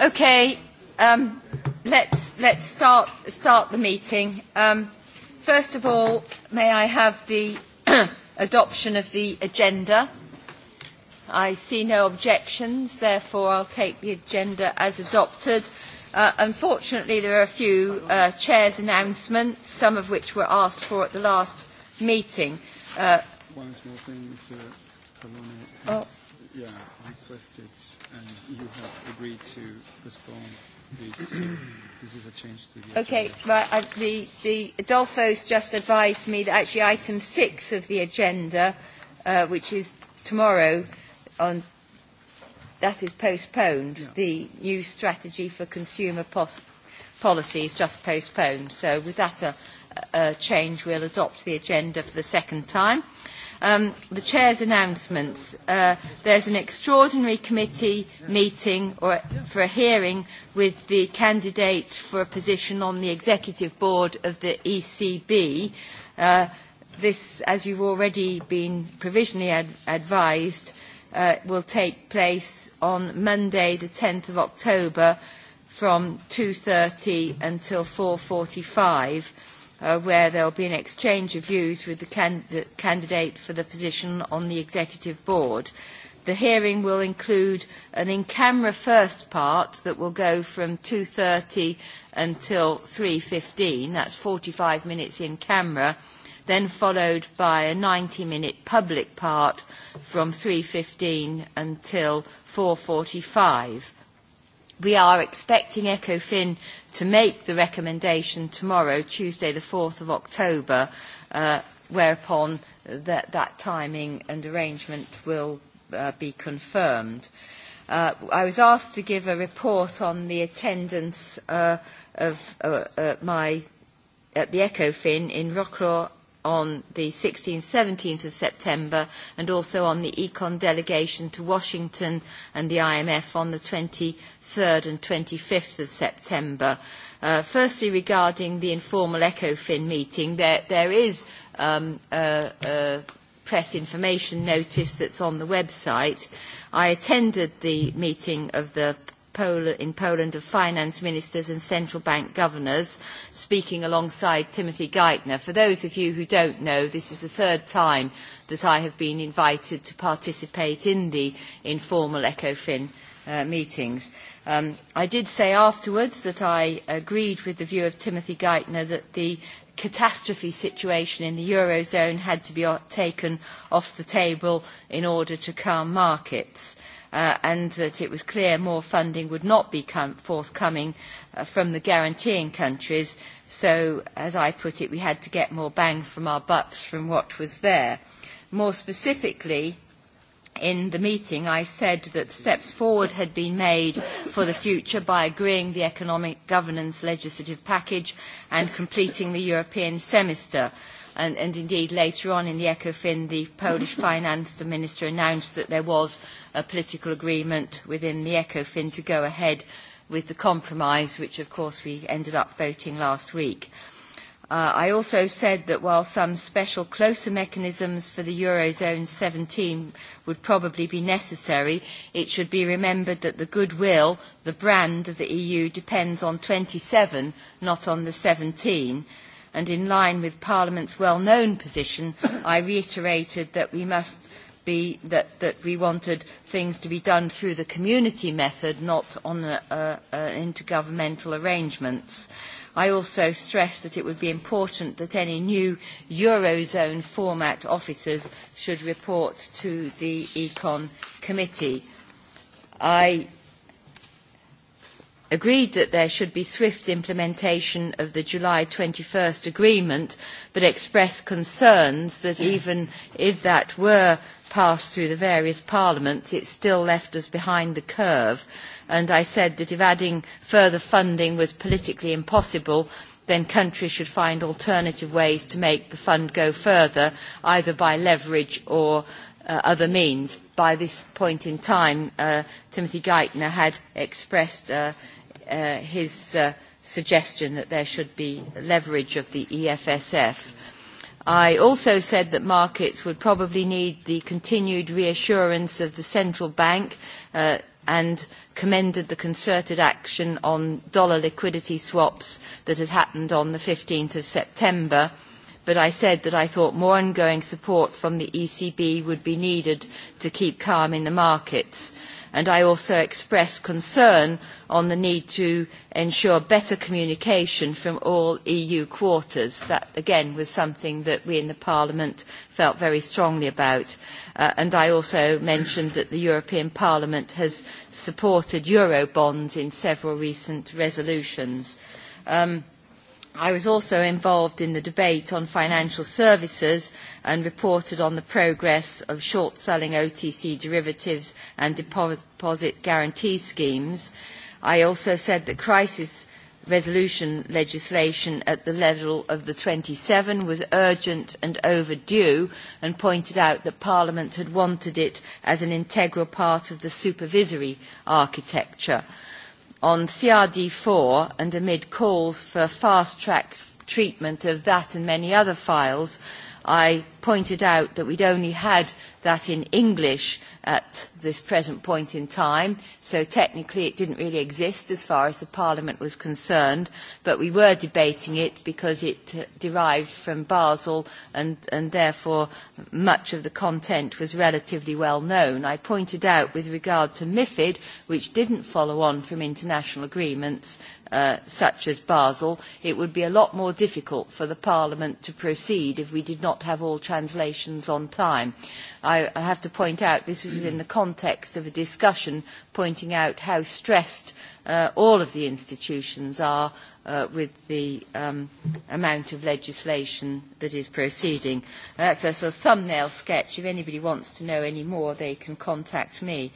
Okay, um, let's, let's start, start the meeting. Um, first of all, may I have the adoption of the agenda? I see no objections, therefore I'll take the agenda as adopted. Uh, unfortunately, there are a few uh, chair's announcements, some of which were asked for at the last meeting. Uh, One small thing, Mr. Colonna oh. yeah, requested and you have agreed to postpone this. this is a change to the Okay, right, the, the Adolfo's just advised me that actually item six of the agenda, uh, which is tomorrow, on that is postponed. Yeah. The new strategy for consumer pos- policy is just postponed. So with that a, a change, we'll adopt the agenda for the second time. Um, the Chair's announcements. Uh, there's an extraordinary committee meeting or for a hearing with the candidate for a position on the Executive Board of the ECB. Uh, this, as you've already been provisionally ad advised, uh, will take place on Monday, the 10th of October, from 2.30 until 4.45 where there will be an exchange of views with the, can the candidate for the position on the executive board. The hearing will include an in-camera first part that will go from 2.30 until 3.15, that's 45 minutes in camera, then followed by a 90-minute public part from 3.15 until 4.45 We are expecting ECOFIN to make the recommendation tomorrow, Tuesday the 4th of October, uh, whereupon that, that timing and arrangement will uh, be confirmed. Uh, I was asked to give a report on the attendance uh, of uh, uh, my at the ECOFIN in Rockraw on the 16th, 17th of September, and also on the Econ delegation to Washington and the IMF on the 20 23rd and 25th of September. Uh, firstly, regarding the informal ECOFIN meeting, there, there is um, a, a press information notice that's on the website. I attended the meeting of the in Poland of finance ministers and central bank governors, speaking alongside Timothy Geithner. For those of you who don't know, this is the third time that I have been invited to participate in the informal ECOFIN meetings. Um, I did say afterwards that I agreed with the view of Timothy Geithner that the catastrophe situation in the Eurozone had to be taken off the table in order to calm markets uh, and that it was clear more funding would not be com- forthcoming uh, from the guaranteeing countries. So, as I put it, we had to get more bang from our bucks from what was there. More specifically, in the meeting, I said that steps forward had been made for the future by agreeing the economic governance legislative package and completing the European semester. And, and indeed, later on in the ECOFIN, the Polish finance minister announced that there was a political agreement within the ECOFIN to go ahead with the compromise, which, of course, we ended up voting last week. Uh, I also said that while some special closer mechanisms for the Eurozone 17 would probably be necessary, it should be remembered that the goodwill, the brand of the EU depends on 27, not on the 17. And in line with Parliament's well-known position, I reiterated that we must be, that, that we wanted things to be done through the community method, not on intergovernmental arrangements. Uh, I also stress that it would be important that any new Eurozone format officers should report to the Econ Committee. I agreed that there should be swift implementation of the July 21st agreement, but expressed concerns that even if that were passed through the various parliaments, it still left us behind the curve and I said that if adding further funding was politically impossible, then countries should find alternative ways to make the fund go further, either by leverage or uh, other means. By this point in time, uh, Timothy Geithner had expressed uh, uh, his uh, suggestion that there should be leverage of the EFSF. I also said that markets would probably need the continued reassurance of the central bank uh, and commended the concerted action on dollar liquidity swaps that had happened on the 15th of September. But I said that I thought more ongoing support from the ECB would be needed to keep calm in the markets and I also expressed concern on the need to ensure better communication from all EU quarters. That, again, was something that we in the Parliament felt very strongly about. and I also mentioned that the European Parliament has supported Eurobonds in several recent resolutions. Um, I was also involved in the debate on financial services and reported on the progress of short-selling OTC derivatives and deposit guarantee schemes. I also said that crisis resolution legislation at the level of the 27 was urgent and overdue and pointed out that Parliament had wanted it as an integral part of the supervisory architecture on CRD4 and amid calls for fast-track treatment of that and many other files, I pointed out that we'd only had that in English at this present point in time, so technically it didn't really exist as far as the Parliament was concerned, but we were debating it because it derived from Basel and, and therefore much of the content was relatively well known. I pointed out with regard to MIFID, which didn't follow on from international agreements, uh, such as Basel, it would be a lot more difficult for the Parliament to proceed if we did not have all translations on time. I, I have to point out this was in the context of a discussion pointing out how stressed uh, all of the institutions are uh, with the um, amount of legislation that is proceeding. That's a sort of thumbnail sketch. If anybody wants to know any more, they can contact me.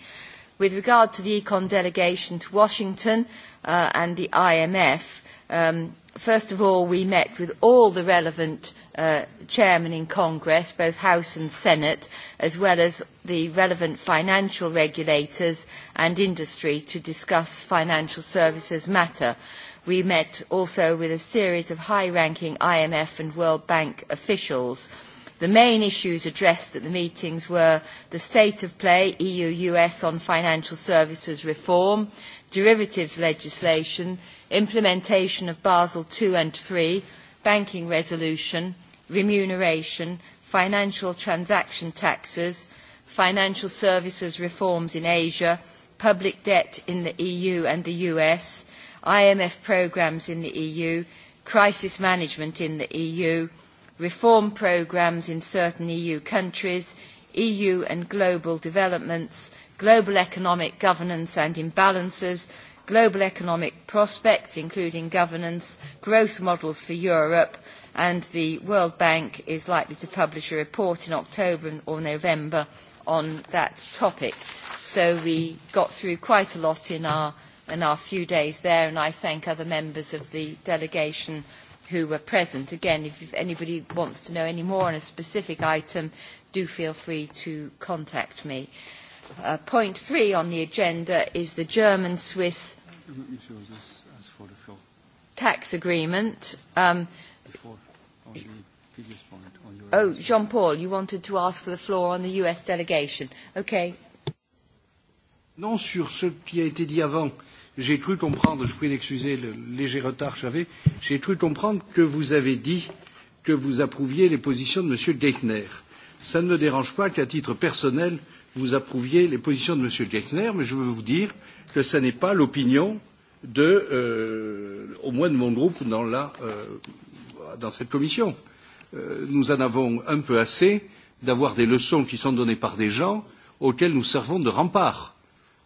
With regard to the Econ delegation to Washington, uh, and the IMF. Um, first of all, we met with all the relevant uh, chairmen in Congress, both House and Senate, as well as the relevant financial regulators and industry to discuss financial services matter. We met also with a series of high-ranking IMF and World Bank officials. The main issues addressed at the meetings were the state of play EU-US on financial services reform, uh, derivatives legislation, implementation of Basel II and III, banking resolution, remuneration, financial transaction taxes, financial services reforms in Asia, public debt in the EU and the US, IMF programs in the EU, crisis management in the EU, reform programs in certain EU countries, EU and global developments, global economic governance and imbalances, global economic prospects, including governance, growth models for Europe, and the World Bank is likely to publish a report in October or November on that topic. So we got through quite a lot in our, in our few days there, and I thank other members of the delegation who were present. Again, if anybody wants to know any more on a specific item, do feel free to contact me. Uh, point three on the agenda is the German-Swiss tax agreement. Um, oh, Jean-Paul, you wanted to ask for the floor on the U.S. delegation. Okay. Non, sur ce qui a été dit avant, j'ai cru comprendre, je prie d'excuser le léger retard que j'avais, j'ai cru comprendre que vous avez dit que vous approuviez les positions de M. Geithner. Ça ne me dérange pas qu'à titre personnel, euh, vous approuviez les positions de M. Gexner, mais je veux vous dire que ce n'est pas l'opinion de, euh, au moins de mon groupe dans, la, euh, dans cette commission. Euh, nous en avons un peu assez d'avoir des leçons qui sont données par des gens auxquels nous servons de rempart.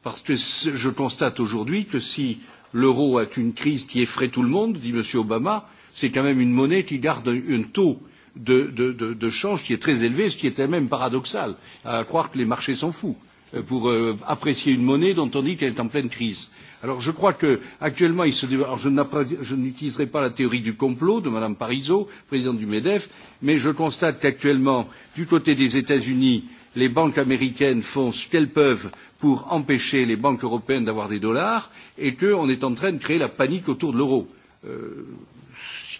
Parce que je constate aujourd'hui que si l'euro est une crise qui effraie tout le monde, dit M. Obama, c'est quand même une monnaie qui garde un taux euh, de, de, de, de change qui est très élevé, ce qui était même paradoxal, à croire que les marchés sont fous pour euh, apprécier une monnaie dont on dit qu'elle est en pleine crise. Alors je crois qu'actuellement, il se alors je n'utiliserai pas la théorie du complot de Mme Parizeau, présidente du MEDEF, mais je constate qu'actuellement, du côté des États-Unis, les banques américaines font ce qu'elles peuvent pour empêcher les banques européennes d'avoir des dollars et qu'on est en train de créer la panique autour de l'euro. Euh,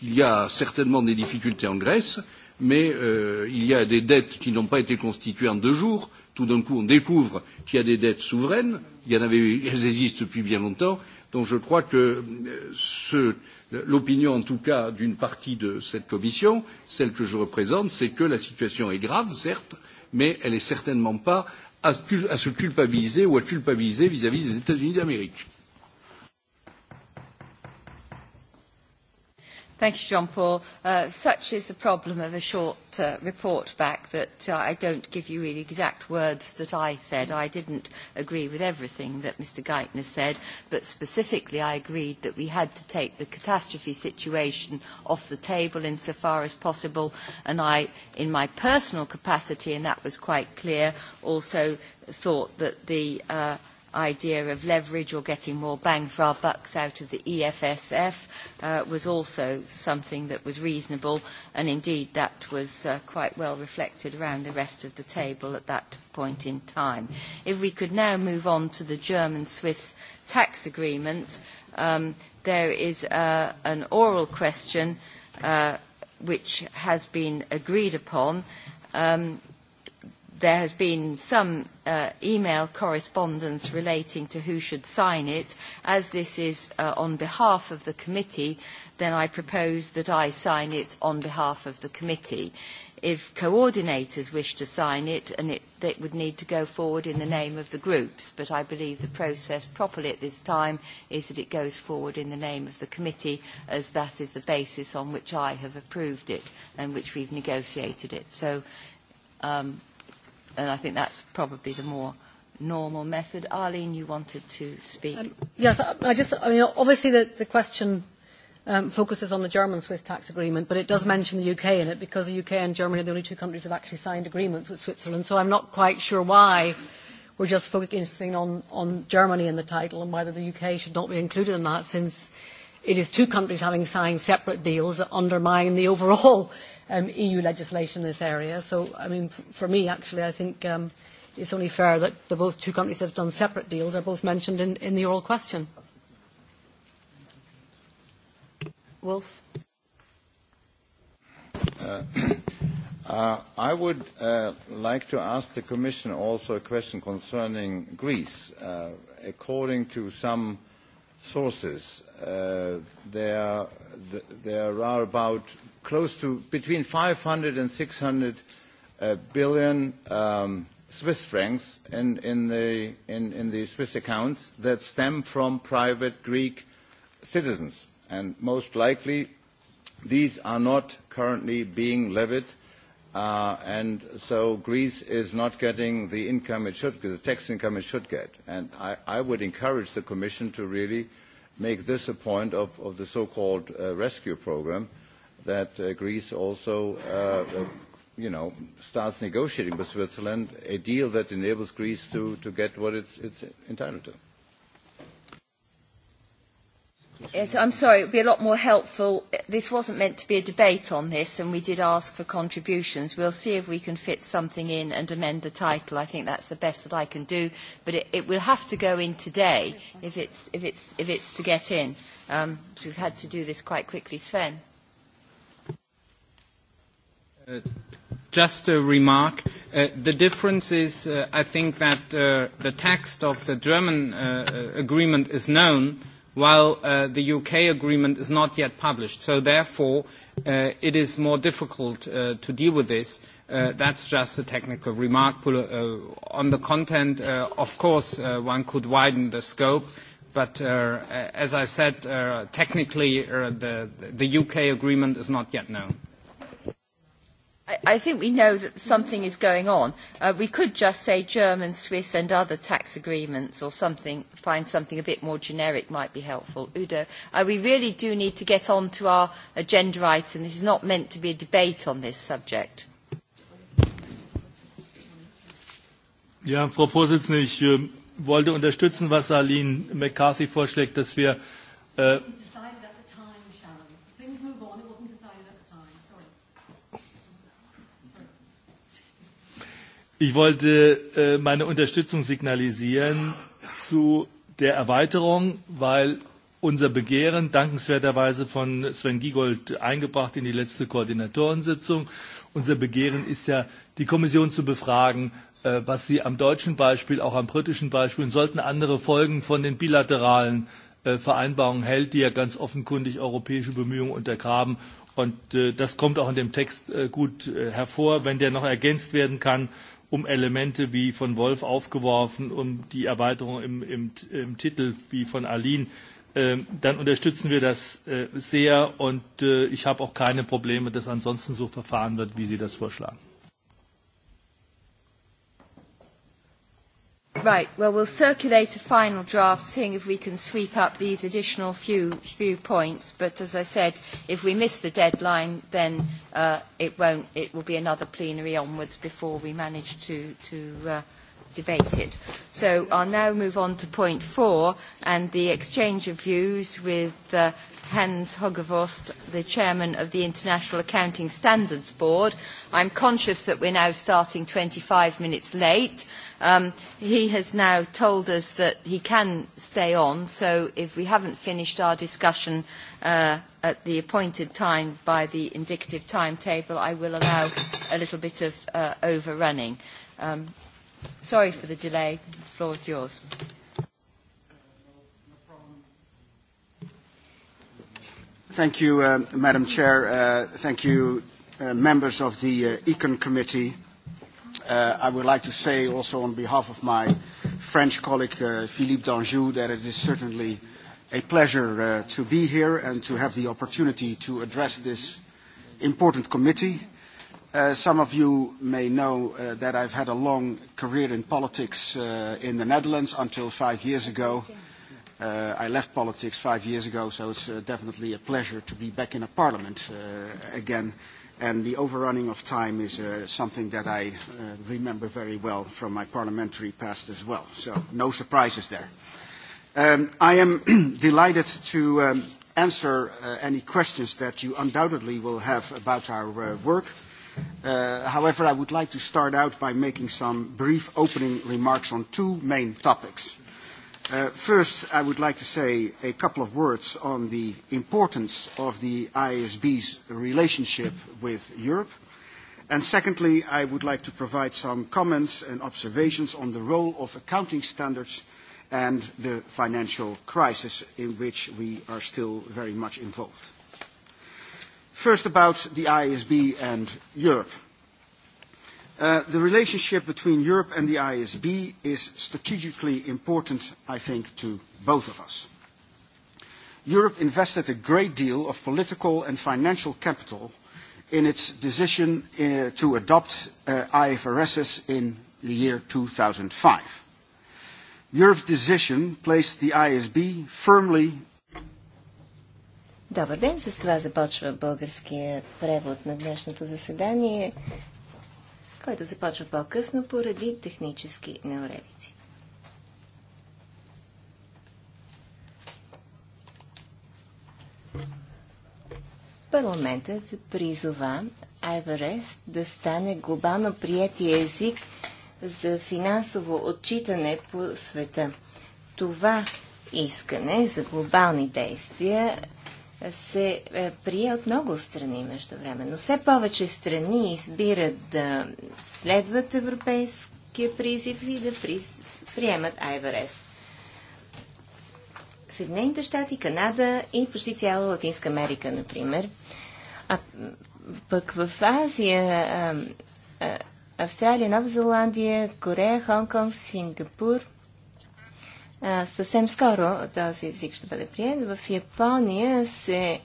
Il y a certainement des difficultés en Grèce, mais il y a des dettes qui n'ont pas été constituées en deux jours. Tout d'un coup, on découvre qu'il y a des dettes souveraines. Il y en avait, elles existent depuis bien longtemps. Donc je crois que l'opinion, en tout cas, d'une partie de cette commission, celle que je représente, c'est que la situation est grave, certes, mais elle n'est certainement pas à se culpabiliser ou à culpabiliser vis-à-vis des États-Unis d'Amérique. Thank you, Jean-Paul. Uh, such is the problem of a short uh, report back that uh, I don't give you the exact words that I said. I didn't agree with everything that Mr. Geithner said, but specifically I agreed that we had to take the catastrophe situation off the table insofar as possible, and I, in my personal capacity, and that was quite clear, also thought that the uh, idea of leverage or getting more bang for our bucks out of the EFSF uh, was also something that was reasonable, and indeed that was uh, quite well reflected around the rest of the table at that point in time. If we could now move on to the German-Swiss tax agreement, um, there is uh, an oral question uh, which has been agreed upon. Um, there has been some uh, email correspondence relating to who should sign it. As this is uh, on behalf of the committee, then I propose that I sign it on behalf of the committee. If coordinators wish to sign it, and it, it would need to go forward in the name of the groups, but I believe the process properly at this time is that it goes forward in the name of the committee, as that is the basis on which I have approved it and which we've negotiated it. So um, and I think that's probably the more normal method. Arlene, you wanted to speak. Um, yes, I I just, I mean, obviously the, the question um, focuses on the German-Swiss tax agreement, but it does mention the UK in it because the UK and Germany are the only two countries that have actually signed agreements with Switzerland, so I'm not quite sure why we're just focusing on, on Germany in the title and whether the UK should not be included in that since it is two countries having signed separate deals that undermine the overall EU legislation in this area. So, I mean, f- for me, actually, I think um, it's only fair that the both two companies have done separate deals are both mentioned in, in the oral question. Wolf? Uh, uh, I would uh, like to ask the Commission also a question concerning Greece. Uh, according to some sources, uh, there, there are about close to between 500 and 600 uh, billion um, Swiss francs in, in, the, in, in the Swiss accounts that stem from private Greek citizens. And most likely, these are not currently being levied. Uh, and so Greece is not getting the income it should get, the tax income it should get. And I, I would encourage the Commission to really make this a point of, of the so-called uh, rescue program uh, that Greece also you know, starts negotiating with Switzerland a deal that enables Greece to, to get what it's, it's entitled to. Yes, I'm sorry, it would be a lot more helpful. This wasn't meant to be a debate on this, and we did ask for contributions. We'll see if we can fit something in and amend the title. I think that's the best that I can do, but it, it will have to go in today if it's, if it's, if it's to get in. Um, so we've had to do this quite quickly. Sven. Just a remark. The difference is, I think that the text of the German agreement is known, while the U.K. agreement is not yet published. So Therefore, it is more difficult to deal with this. That's just a technical remark. On the content, of course, one could widen the scope, but as I said, technically, the U.K. agreement is not yet known. I think we know that something is going on. Uh, we could just say German, Swiss and other tax agreements or something, find something a bit more generic might be helpful. Udo, uh, we really do need to get on to our agenda item. This is not meant to be a debate on this subject. Ja, Frau Vorsitzende, ich äh, wollte unterstützen, was Aline McCarthy vorschlägt, dass wir äh, Ich wollte meine Unterstützung signalisieren zu der Erweiterung, weil unser Begehren dankenswerterweise von Sven Giegold eingebracht in die letzte Koordinatorensitzung. Unser Begehren ist ja, die Kommission zu befragen, was sie am deutschen Beispiel, auch am britischen Beispiel und sollten andere Folgen von den bilateralen Vereinbarungen hält, die ja ganz offenkundig europäische Bemühungen untergraben. Und das kommt auch in dem Text gut hervor, wenn der noch ergänzt werden kann um Elemente wie von Wolf aufgeworfen, um die Erweiterung im, im, im Titel wie von Aline, dann unterstützen wir das sehr und ich habe auch keine Probleme, dass ansonsten so verfahren wird, wie Sie das vorschlagen. Right, well, we'll circulate a final draft, seeing if we can sweep up these additional few, few points. But as I said, if we miss the deadline, then uh, it, won't, it will be another plenary onwards before we manage to, to uh, debate it. So I'll now move on to point four and the exchange of views with uh, Hans Hogevost, the chairman of the International Accounting Standards Board. I'm conscious that we're now starting 25 minutes late Um, he has now told us that he can stay on, so if we haven't finished our discussion uh, at the appointed time by the indicative timetable, I will allow a little bit of uh, overrunning. Um, sorry for the delay. The floor is yours. Thank you, uh, Madam Chair. Uh, thank you, uh, members of the uh, Econ Committee I would like to say also on behalf of my French colleague, Philippe d'Anjou, that it is certainly a pleasure to be here and to have the opportunity to address this important committee. Some of you may know that I've had a long career in politics in the Netherlands until five years ago. I left politics five years ago, so it's definitely a pleasure to be back in a parliament again. And the overrunning of time is uh, something that I uh, remember very well from my parliamentary past as well. So no surprises there. Um, I am delighted to um, answer uh, any questions that you undoubtedly will have about our uh, work. Uh, however, I would like to start out by making some brief opening remarks on two main topics. First, I would like to say a couple of words on the importance of the ISB's relationship with Europe. And secondly, I would like to provide some comments and observations on the role of accounting standards and the financial crisis in which we are still very much involved. First, about the ISB and Europe. The relationship between Europe and the ISB is strategically important, I think, to both of us. Europe invested a great deal of political and financial capital in its decision to adopt IFRSs in the year 2005. Europe's decision placed the ISB firmly Добър ден, с това започва българския превод на днешното заседание който започва по-късно поради технически неуредици. Парламентът призова АйВАРЕС да стане глобално приятия език за финансово отчитане по света. Това искане за глобални действия се е, прие от много страни между време, но все повече страни избират да следват европейския призив и да приемат Айварес. Съединените щати, Канада и почти цяла Латинска Америка, например. А пък в Азия, а, а, Австралия, Нова Зеландия, Корея, Хонконг, Сингапур – съвсем скоро този език ще бъде прият. В Япония се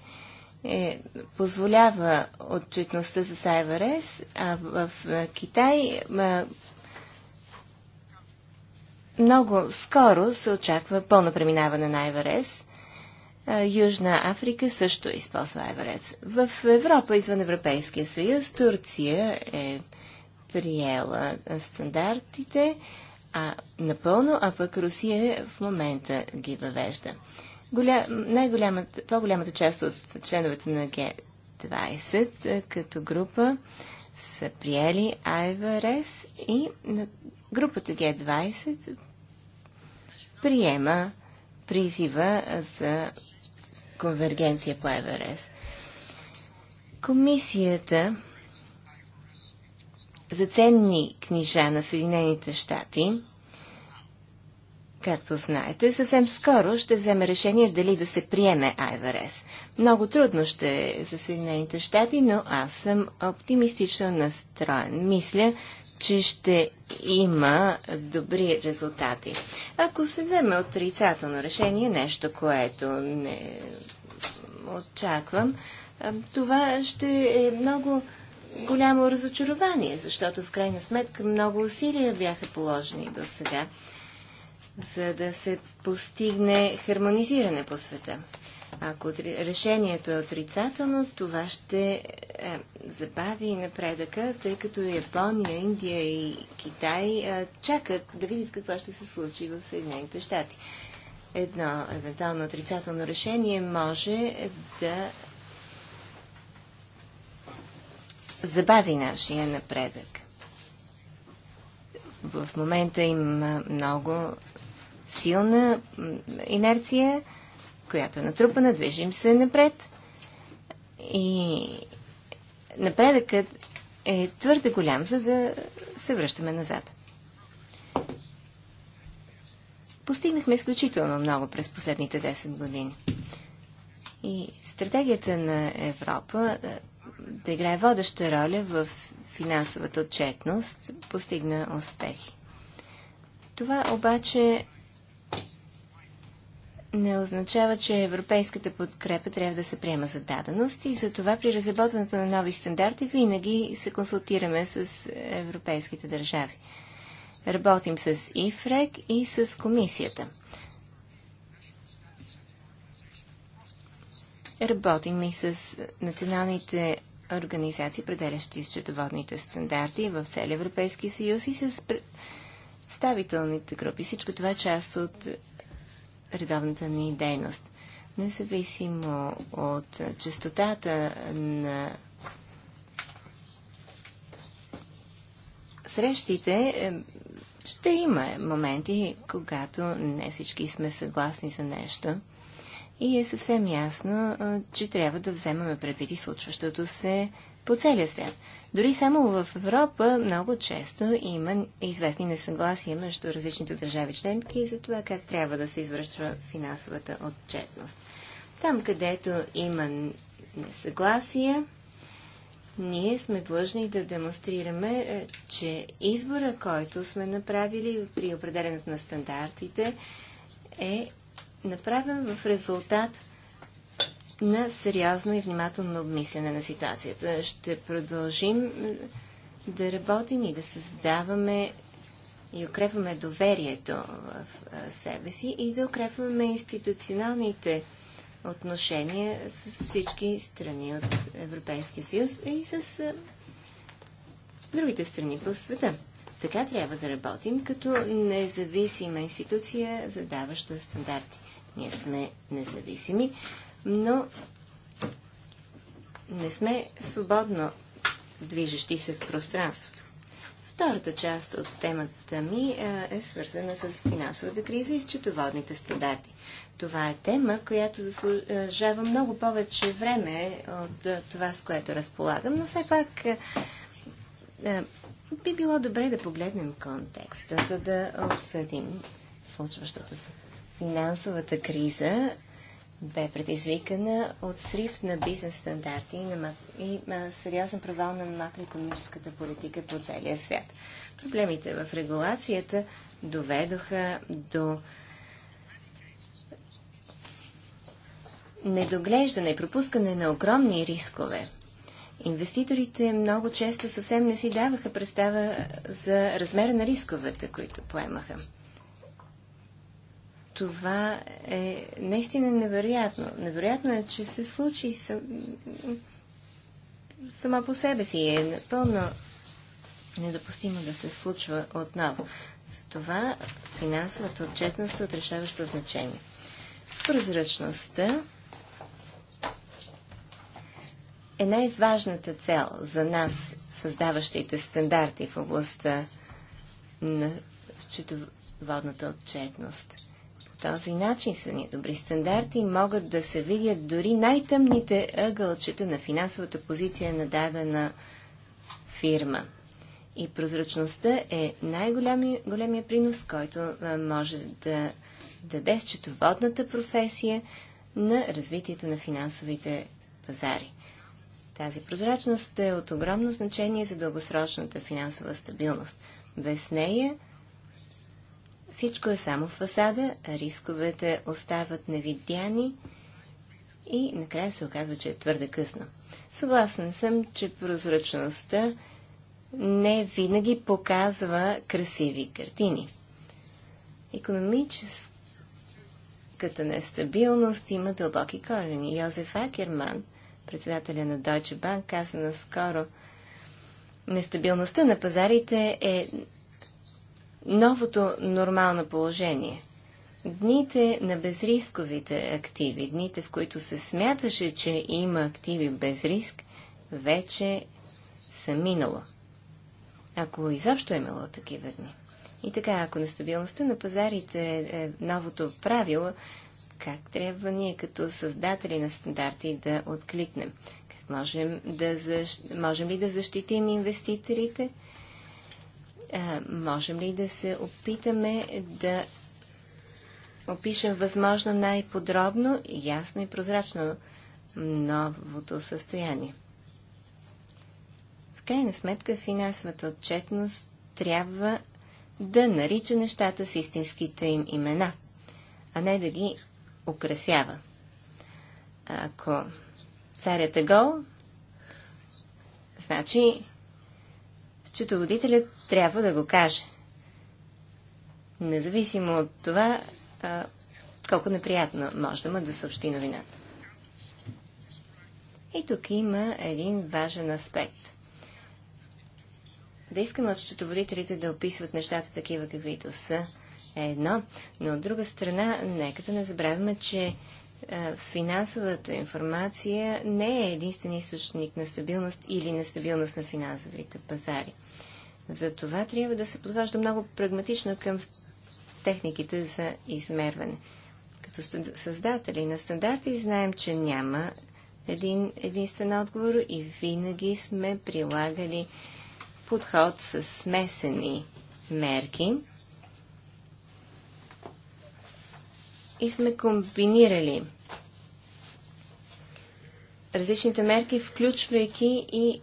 е, позволява отчетността с АВРС, а в Китай а, много скоро се очаква пълно преминаване на АВРС. Южна Африка също използва Айварец. В Европа, извън Европейския съюз, Турция е приела стандартите а, напълно, а пък Русия в момента ги въвежда. Голя... Най-голямата, по-голямата част от членовете на Г20 е, като група са приели Айварес и на групата Г20 приема призива за конвергенция по Айварес. Комисията за ценни книжа на Съединените щати, както знаете, съвсем скоро ще вземе решение дали да се приеме Айварес. Много трудно ще е за Съединените щати, но аз съм оптимистично настроен. Мисля, че ще има добри резултати. Ако се вземе отрицателно решение, нещо, което не очаквам, това ще е много голямо разочарование, защото в крайна сметка много усилия бяха положени до сега, за да се постигне хармонизиране по света. Ако решението е отрицателно, това ще е, забави напредъка, тъй като Япония, Индия и Китай е, чакат да видят какво ще се случи в Съединените щати. Едно евентуално отрицателно решение може да забави нашия напредък. В момента има много силна инерция, която е натрупана, движим се напред. И напредъкът е твърде голям, за да се връщаме назад. Постигнахме изключително много през последните 10 години. И стратегията на Европа да играе водеща роля в финансовата отчетност, постигна успехи. Това обаче не означава, че европейската подкрепа трябва да се приема за даденост и затова при разработването на нови стандарти винаги се консултираме с европейските държави. Работим с ИФРЕК и с комисията. Работим и с националните организации, определящи счетоводните стандарти в целия Европейски съюз и с представителните групи. Всичко това е част от редовната ни дейност. Независимо от частотата на срещите, е, ще има моменти, когато не всички сме съгласни за нещо – и е съвсем ясно, че трябва да вземаме предвид и случващото се по целия свят. Дори само в Европа много често има известни несъгласия между различните държави членки и за това как трябва да се извършва финансовата отчетност. Там, където има несъгласия, ние сме длъжни да демонстрираме, е, че избора, който сме направили при определенето на стандартите, е направен в резултат на сериозно и внимателно обмислене на ситуацията. Ще продължим да работим и да създаваме и укрепваме доверието в себе си и да укрепваме институционалните отношения с всички страни от Европейския съюз и с другите страни по света. Така трябва да работим като независима институция, задаваща стандарти. Ние сме независими, но не сме свободно движещи се в пространството. Втората част от темата ми е, е свързана с финансовата криза и счетоводните стандарти. Това е тема, която заслужава много повече време от е, това, с което разполагам, но все пак е, би било добре да погледнем контекста, за да обсъдим случващото се финансовата криза бе предизвикана от срив на бизнес стандарти и, на, и а, сериозен провал на макроекономическата политика по целия свят. Проблемите в регулацията доведоха до недоглеждане и пропускане на огромни рискове. Инвеститорите много често съвсем не си даваха представа за размера на рисковете, които поемаха. Това е наистина невероятно. Невероятно е, че се случи съм, сама по себе си. Е напълно недопустимо да се случва отново. Затова финансовата отчетност е от решаващо значение. Прозрачността е най-важната цел за нас, създаващите стандарти в областта на счетоводната отчетност този начин са ни добри стандарти, могат да се видят дори най-тъмните ъгълчета на финансовата позиция на дадена фирма. И прозрачността е най-големия принос, който може да даде счетоводната професия на развитието на финансовите пазари. Тази прозрачност е от огромно значение за дългосрочната финансова стабилност. Без нея всичко е само фасада, а рисковете остават невидяни и накрая се оказва, че е твърде късно. Съгласен съм, че прозрачността не винаги показва красиви картини. Економическата нестабилност има дълбоки корени. Йозеф Акерман, председателя на Deutsche Bank, каза наскоро, нестабилността на пазарите е новото нормално положение. Дните на безрисковите активи, дните в които се смяташе, че има активи без риск, вече са минало. Ако изобщо е имало такива дни. И така, ако нестабилността на пазарите е новото правило, как трябва ние като създатели на стандарти да откликнем? Как можем, да защ... можем ли да защитим инвеститорите? Е, можем ли да се опитаме да опишем възможно най-подробно, ясно и прозрачно новото състояние? В крайна сметка финансовата отчетност трябва да нарича нещата с истинските им имена, а не да ги украсява. Ако царят е гол, значи счетоводителят трябва да го каже. Независимо от това, а, колко неприятно може да му да съобщи новината. И тук има един важен аспект. Да искаме от счетоводителите да описват нещата такива, каквито са, е едно, но от друга страна, нека да не забравяме, че е, финансовата информация не е единствен източник на стабилност или нестабилност на финансовите пазари. За това трябва да се подхожда много прагматично към техниките за измерване. Като създатели на стандарти знаем, че няма един единствен отговор и винаги сме прилагали подход с смесени мерки и сме комбинирали различните мерки, включвайки и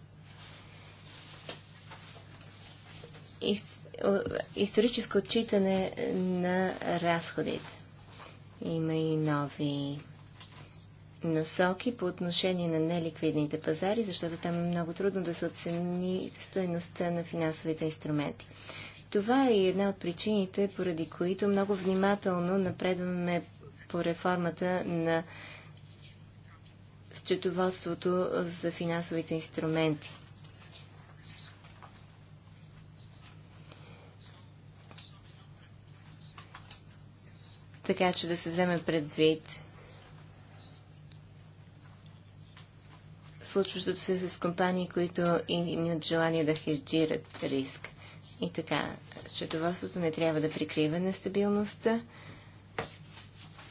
историческо отчитане на разходите. Има и нови насоки по отношение на неликвидните пазари, защото там е много трудно да се оцени стоеността на финансовите инструменти. Това е една от причините, поради които много внимателно напредваме по реформата на счетоводството за финансовите инструменти. Така че да се вземе предвид случващото се с компании, които имат желание да хеджират риск. И така, счетоводството не трябва да прикрива нестабилността,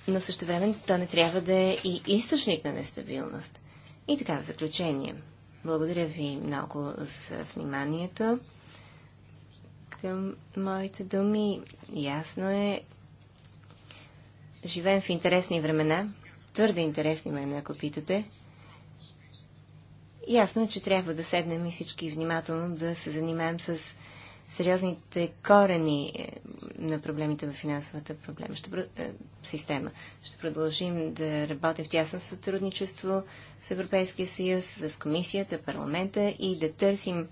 но също време то не трябва да е и източник на нестабилност. И така, в заключение. Благодаря ви много за вниманието. Към моите думи ясно е, живеем в интересни времена, твърде интересни времена, ако питате. Ясно е, че трябва да седнем и всички внимателно да се занимаем с сериозните корени е, на проблемите в финансовата проблема. Ще, е, система. Ще продължим да работим в тясно сътрудничество с Европейския съюз, с комисията, парламента и да търсим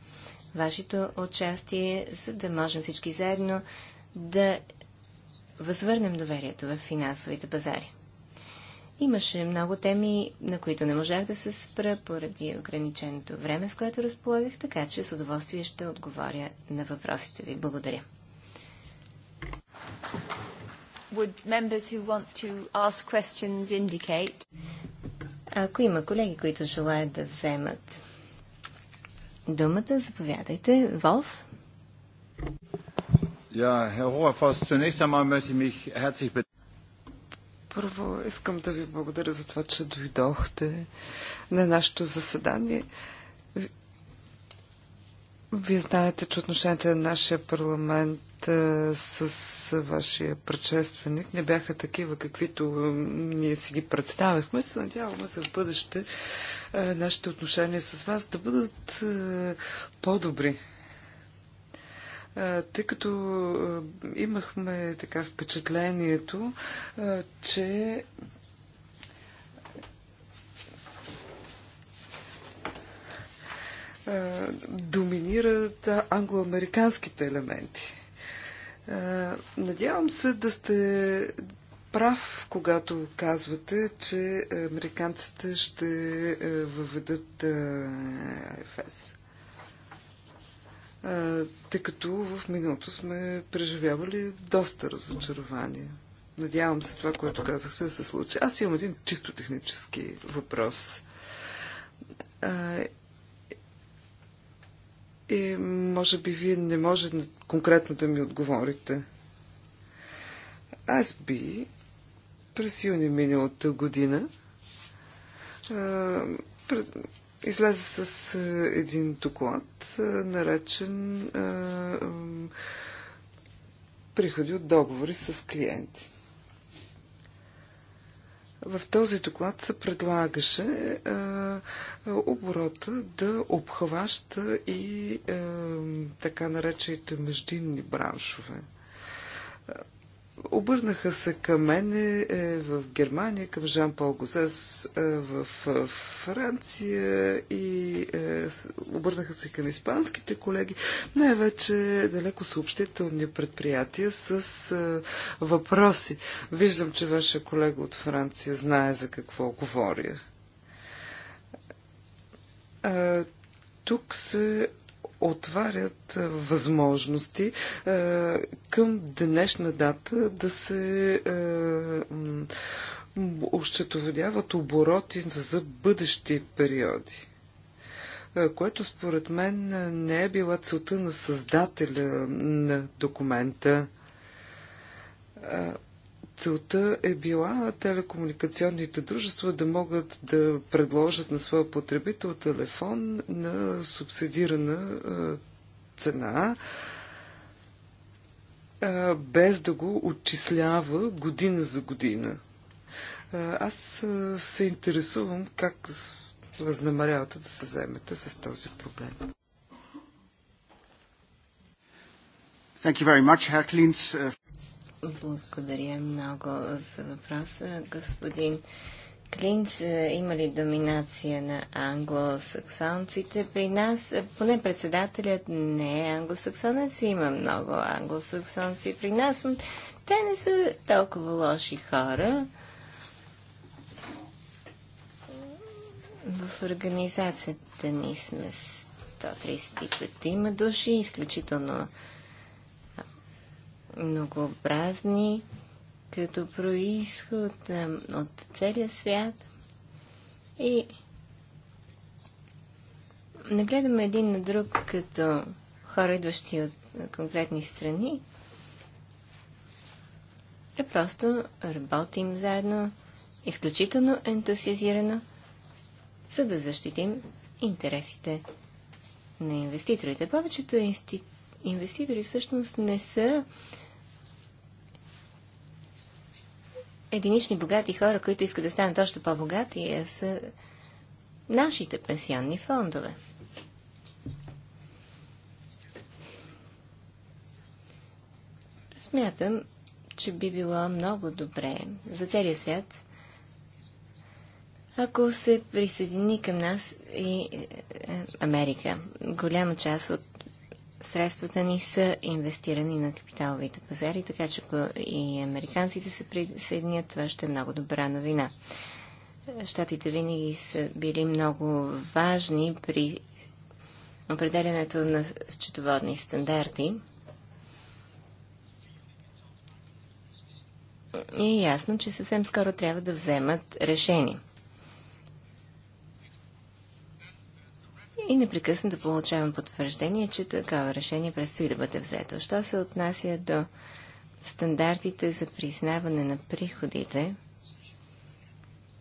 вашето участие, за да можем всички заедно да възвърнем доверието в финансовите пазари. Имаше много теми, на които не можах да се спра поради ограниченото време, с което разполагах, така че с удоволствие ще отговоря на въпросите ви. Благодаря. Ако има колеги, които желаят да вземат думата, заповядайте. Волф? Ja, Herr Rohrfoss, zunächst einmal möchte ich mich herzlich първо искам да ви благодаря за това, че дойдохте на нашето заседание. Вие знаете, че отношенията на нашия парламент е, с вашия предшественик не бяха такива, каквито е, ние си ги представяхме. Се надяваме за в бъдеще е, нашите отношения с вас да бъдат по-добри тъй като имахме така впечатлението, че доминират англоамериканските елементи. Надявам се да сте прав, когато казвате, че американците ще въведат ФС тъй като в миналото сме преживявали доста разочарования. Надявам се това, което казахте, да се случи. Аз имам един чисто технически въпрос. И може би вие не може конкретно да ми отговорите. Аз би през юни миналата година излезе с е, един доклад, е, наречен е, приходи от договори с клиенти. В този доклад се предлагаше е, оборота да обхваща и е, така наречените междинни браншове. Обърнаха се към е, в Германия, към Жан-Пол Гозес е, в Франция и е, обърнаха се към испанските колеги, най-вече далеко съобщителни предприятия с е, въпроси. Виждам, че вашия колега от Франция знае за какво говоря. Тук се отварят възможности към днешна дата да се ощетоводяват обороти за бъдещи периоди което според мен не е била целта на създателя на документа. Целта е била телекомуникационните дружества да могат да предложат на своя потребител телефон на субсидирана цена, без да го отчислява година за година. Аз се интересувам как възнамерявате да се вземете с този проблем. Thank you very much, Herr Klintz. Благодаря много за въпроса. Господин Клинц, е, има ли доминация на англосаксонците? При нас, е, поне председателят не е англосаксонец, има много англосаксонци. При нас те не са толкова лоши хора. В организацията ни сме 135 има души, изключително многообразни като происход от целия свят и не гледаме един на друг като хора, идващи от конкретни страни, а е, просто работим заедно изключително ентусиазирано, за да защитим интересите на инвеститорите. Повечето инвеститори всъщност не са единични богати хора, които искат да станат още по-богати, е, са нашите пенсионни фондове. Смятам, че би било много добре за целия свят, ако се присъедини към нас и е, Америка. Голяма част от средствата ни са инвестирани на капиталовите пазари, така че ако и американците се присъединят, това ще е много добра новина. Штатите винаги са били много важни при определянето на счетоводни стандарти. И е ясно, че съвсем скоро трябва да вземат решение. и непрекъснато получавам потвърждение, че такова решение предстои да бъде взето. Що се отнася до стандартите за признаване на приходите,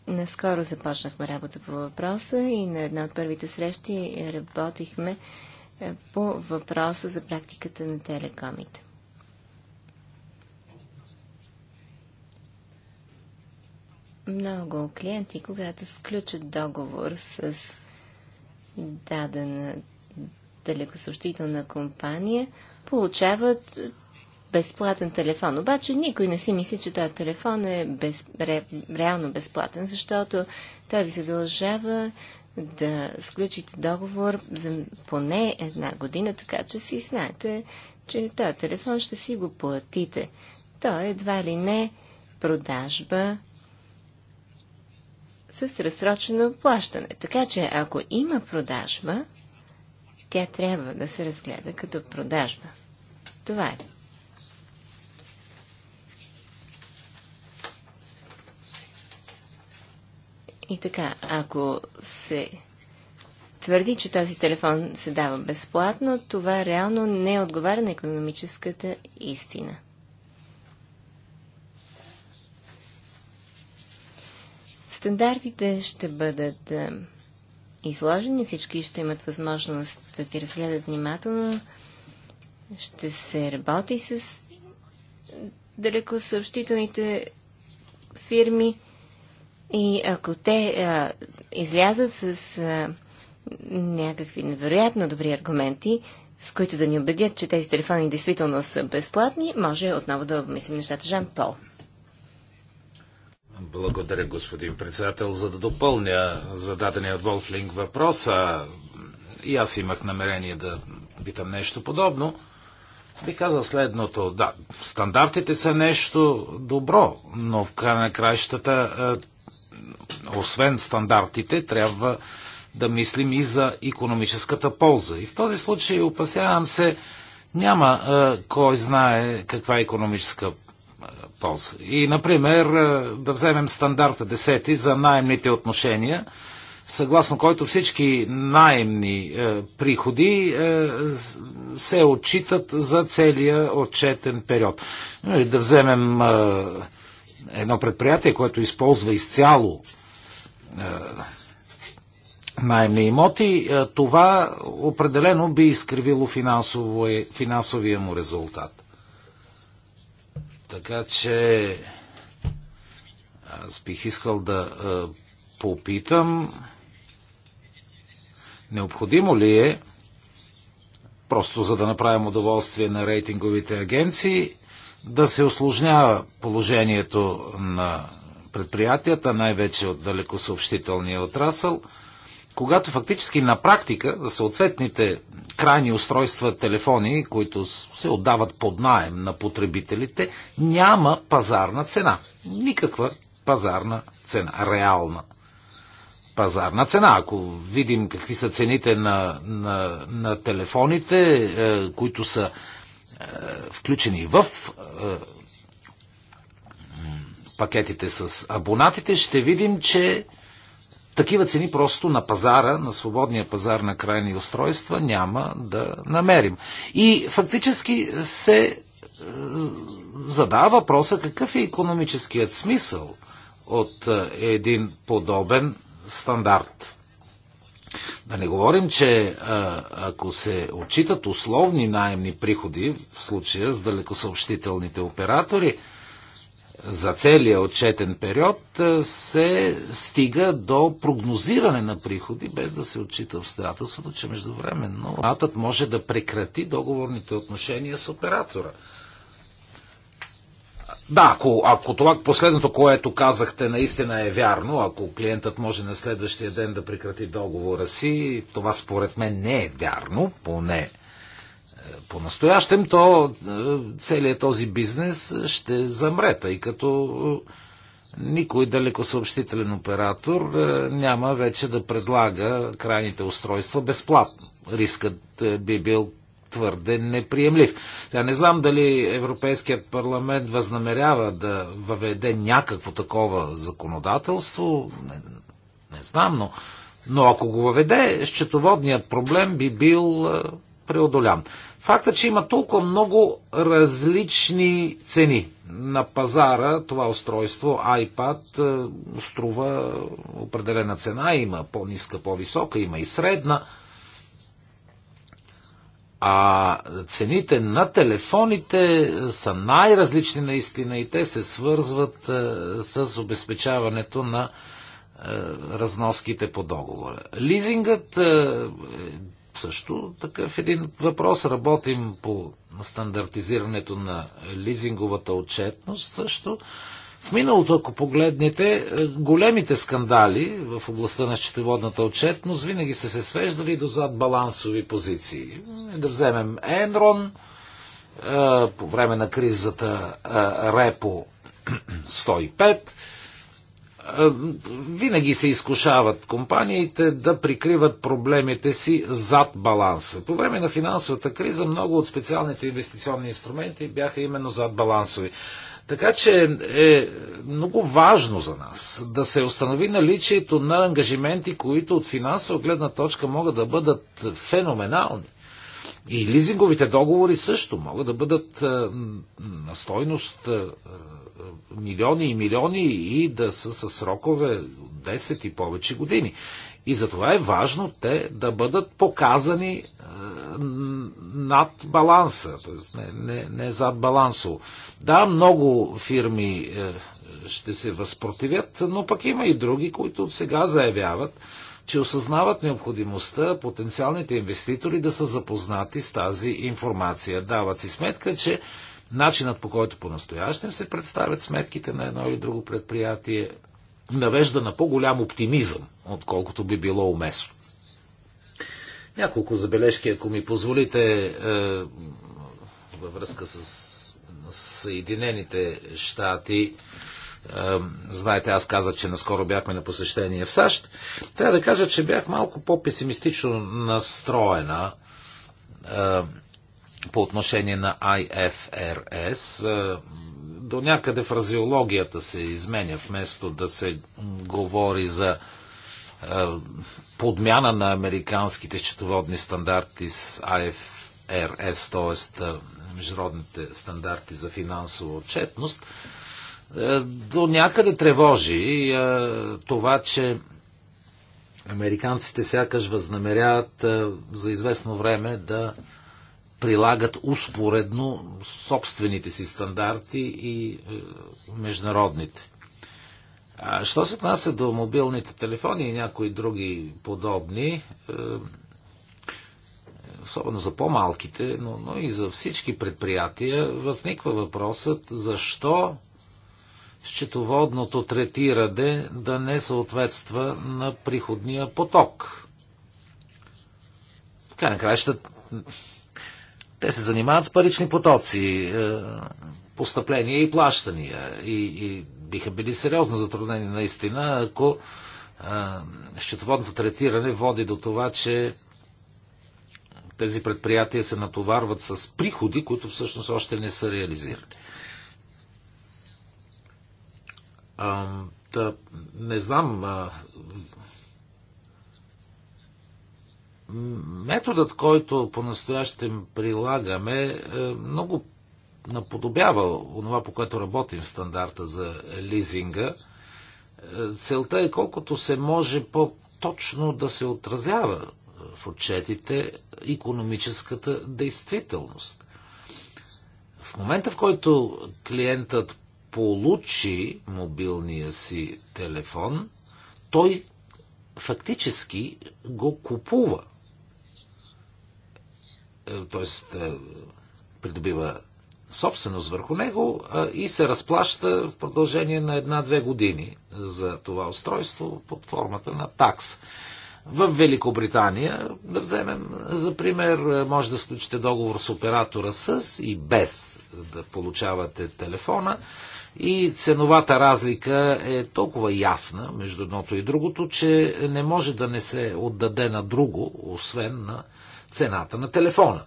наскоро започнахме работа по въпроса и на една от първите срещи работихме е, по въпроса за практиката на телекомите. Много клиенти, когато сключат договор с дадена далекосъобщителна компания, получават безплатен телефон. Обаче никой не си мисли, че този телефон е без, ре, реално безплатен, защото той ви задължава да сключите договор за поне една година, така че си знаете, че този телефон ще си го платите. Той едва ли не продажба с разсрочено плащане. Така че, ако има продажба, тя трябва да се разгледа като продажба. Това е. И така, ако се твърди, че този телефон се дава безплатно, това реално не отговаря на економическата истина. Стандартите ще бъдат е, изложени, всички ще имат възможност да ги разгледат внимателно. Ще се работи с далеко съобщителните фирми и ако те а, е, излязат с а, е, някакви невероятно добри аргументи, с които да ни убедят, че тези телефони действително са безплатни, може отново да обмислим нещата. Жан Пол. Благодаря, господин председател. За да допълня зададения от Волфлинг въпроса, и аз имах намерение да питам нещо подобно, би казал следното. Да, стандартите са нещо добро, но в края на краищата, е, освен стандартите, трябва да мислим и за економическата полза. И в този случай, опасявам се, няма е, кой знае каква економическа полза. И, например, е, да вземем стандарта 10 за найемните отношения, съгласно който всички найемни е, приходи е, се отчитат за целия отчетен период. И е, да вземем е, едно предприятие, което използва изцяло е, найемни имоти, е, това определено би изкривило финансовия му резултат. Така че аз бих искал да а, попитам необходимо ли е просто за да направим удоволствие на рейтинговите агенции да се осложнява положението на предприятията, най-вече от далекосъобщителния отрасъл – когато фактически на практика за съответните крайни устройства телефони, които се отдават под найем на потребителите, няма пазарна цена. Никаква пазарна цена, реална пазарна цена. Ако видим какви са цените на, на, на телефоните, е, които са е, включени в е, пакетите с абонатите, ще видим, че такива цени просто на пазара, на свободния пазар на крайни устройства няма да намерим. И фактически се е, задава въпроса какъв е економическият смисъл от е, един подобен стандарт. Да не говорим, че е, ако се отчитат условни найемни приходи, в случая с далекосъобщителните оператори, за целия отчетен период се стига до прогнозиране на приходи, без да се отчита обстоятелството, че междувременно натът може да прекрати договорните отношения с оператора. Да, ако, ако това последното, което казахте, наистина е вярно, ако клиентът може на следващия ден да прекрати договора си, това според мен не е вярно, поне по-настоящем, то е, целият този бизнес ще замре, тъй като е, никой далекосъобщителен оператор е, няма вече да предлага крайните устройства безплатно. Рискът би бил твърде неприемлив. Сега не знам дали Европейският парламент възнамерява да въведе някакво такова законодателство. Не, не знам, но, но ако го въведе, счетоводният проблем би бил преодолян. Факта, че има толкова много различни цени на пазара, това устройство, iPad, е, струва определена цена, има по-ниска, по-висока, има и средна. А цените на телефоните са най-различни наистина и те се свързват е, с обезпечаването на е, разноските по договора. Лизингът също такъв един въпрос. Работим по стандартизирането на лизинговата отчетност също. В миналото, ако погледнете, е, големите скандали в областта на счетоводната отчетност винаги са се свеждали до зад балансови позиции. Е, да вземем Енрон, е, по време на кризата Репо 105, винаги се изкушават компаниите да прикриват проблемите си зад баланса. По време на финансовата криза много от специалните инвестиционни инструменти бяха именно зад балансови. Така че е много важно за нас да се установи наличието на ангажименти, които от финансова гледна точка могат да бъдат феноменални. И лизинговите договори също могат да бъдат е, на стойност е, милиони и милиони и да са с срокове 10 и повече години. И затова е важно те да бъдат показани е, над баланса, т.е. Не, не, не зад балансово. Да, много фирми е, ще се възпротивят, но пък има и други, които сега заявяват, че осъзнават необходимостта потенциалните инвеститори да са запознати с тази информация. Дават си сметка, че Начинът по който по-настоящем се представят сметките на едно или друго предприятие навежда на по-голям оптимизъм, отколкото би било уместно. Няколко забележки, ако ми позволите, е, във връзка с Съединените щати. Е, знаете, аз казах, че наскоро бяхме на посещение в САЩ. Трябва да кажа, че бях малко по-песимистично настроена. Е, по отношение на IFRS. До някъде фразеологията се изменя, вместо да се говори за подмяна на американските счетоводни стандарти с IFRS, т.е. международните стандарти за финансова отчетност, до някъде тревожи това, че американците сякаш възнамеряват за известно време да прилагат успоредно собствените си стандарти и е, международните. А, що се отнася до мобилните телефони и някои други подобни, е, особено за по-малките, но, но и за всички предприятия, възниква въпросът защо счетоводното третиране да не съответства на приходния поток. Така накрая ще те се занимават с парични потоци, е, постъпления и плащания. И, и биха били сериозно затруднени наистина, ако е, счетоводното третиране води до това, че тези предприятия се натоварват с приходи, които всъщност още не са реализирани. А, да, не знам, а, методът, който по-настоящем прилагаме, е, много наподобява онова, по което работим в стандарта за лизинга. Е, целта е колкото се може по-точно да се отразява в отчетите економическата действителност. В момента, в който клиентът получи мобилния си телефон, той фактически го купува – е, т.е. Е, придобива собственост върху него и се разплаща в продължение на една-две години за това устройство под формата на такс. В Великобритания, да вземем за пример, е, може да сключите договор с оператора с и без да получавате телефона и ценовата разлика е толкова ясна между едното и другото, че не може да не се отдаде на друго, освен на цената на телефона.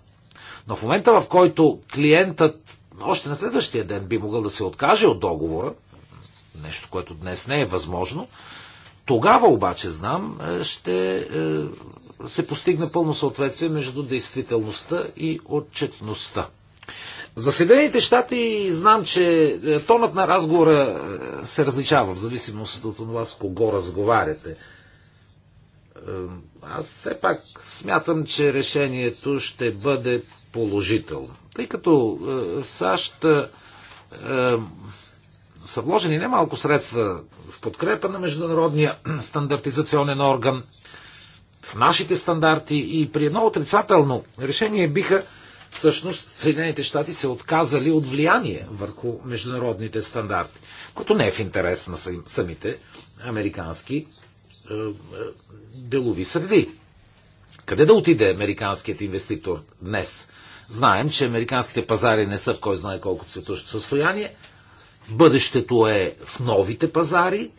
Но в момента, в който клиентът още на следващия ден би могъл да се откаже от договора, нещо, което днес не е възможно, тогава обаче, знам, е, ще е, се постигне пълно съответствие между действителността и отчетността. За Съединените щати знам, че е, тонът на разговора се различава в зависимост от това с кого разговаряте аз все пак смятам, че решението ще бъде положително. Тъй като е, в САЩ е, е, са вложени немалко средства в подкрепа на Международния стандартизационен орган, в нашите стандарти и при едно отрицателно решение биха всъщност Съединените щати се отказали от влияние върху международните стандарти, което не е в интерес на самите американски е, е, делови среди. Къде да отиде американският инвеститор днес? Знаем, че американските пазари не са в кой знае колко цветущо състояние. Бъдещето е в новите пазари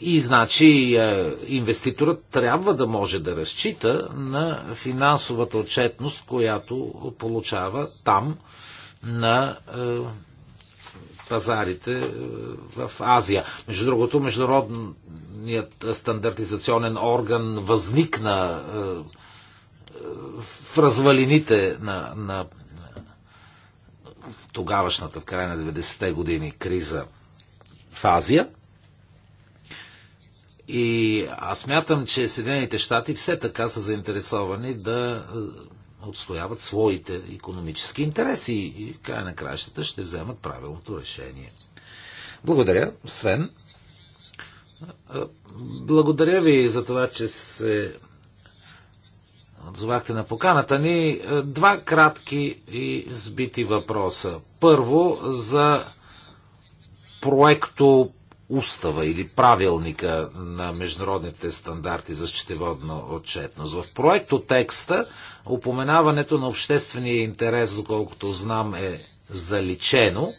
и значи е, инвеститорът трябва да може да разчита на финансовата отчетност, която получава там на пазарите е, в Азия. Между другото, Международният стандартизационен орган възникна е, е, в развалините на, на тогавашната, в края на 90-те години, криза в Азия. И аз мятам, че Съединените щати все така са заинтересовани да отстояват своите економически интереси и край на краищата ще вземат правилното решение. Благодаря, Свен. Благодаря ви за това, че се отзовахте на поканата ни. Два кратки и сбити въпроса. Първо, за проекто устава или правилника на международните стандарти за счетеводна отчетност. В проекто текста упоменаването на обществения интерес, доколкото знам, е заличено.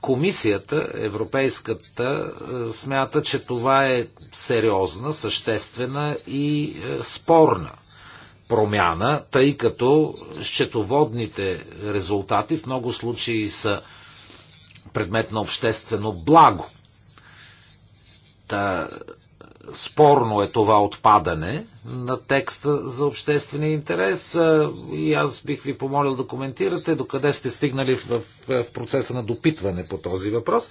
Комисията, Европейската, е, смята, че това е сериозна, съществена и е, спорна промяна, тъй като счетоводните резултати в много случаи са предмет на обществено благо. Та, спорно е това отпадане на текста за обществения интерес и аз бих ви помолил да коментирате докъде сте стигнали в, в, в процеса на допитване по този въпрос.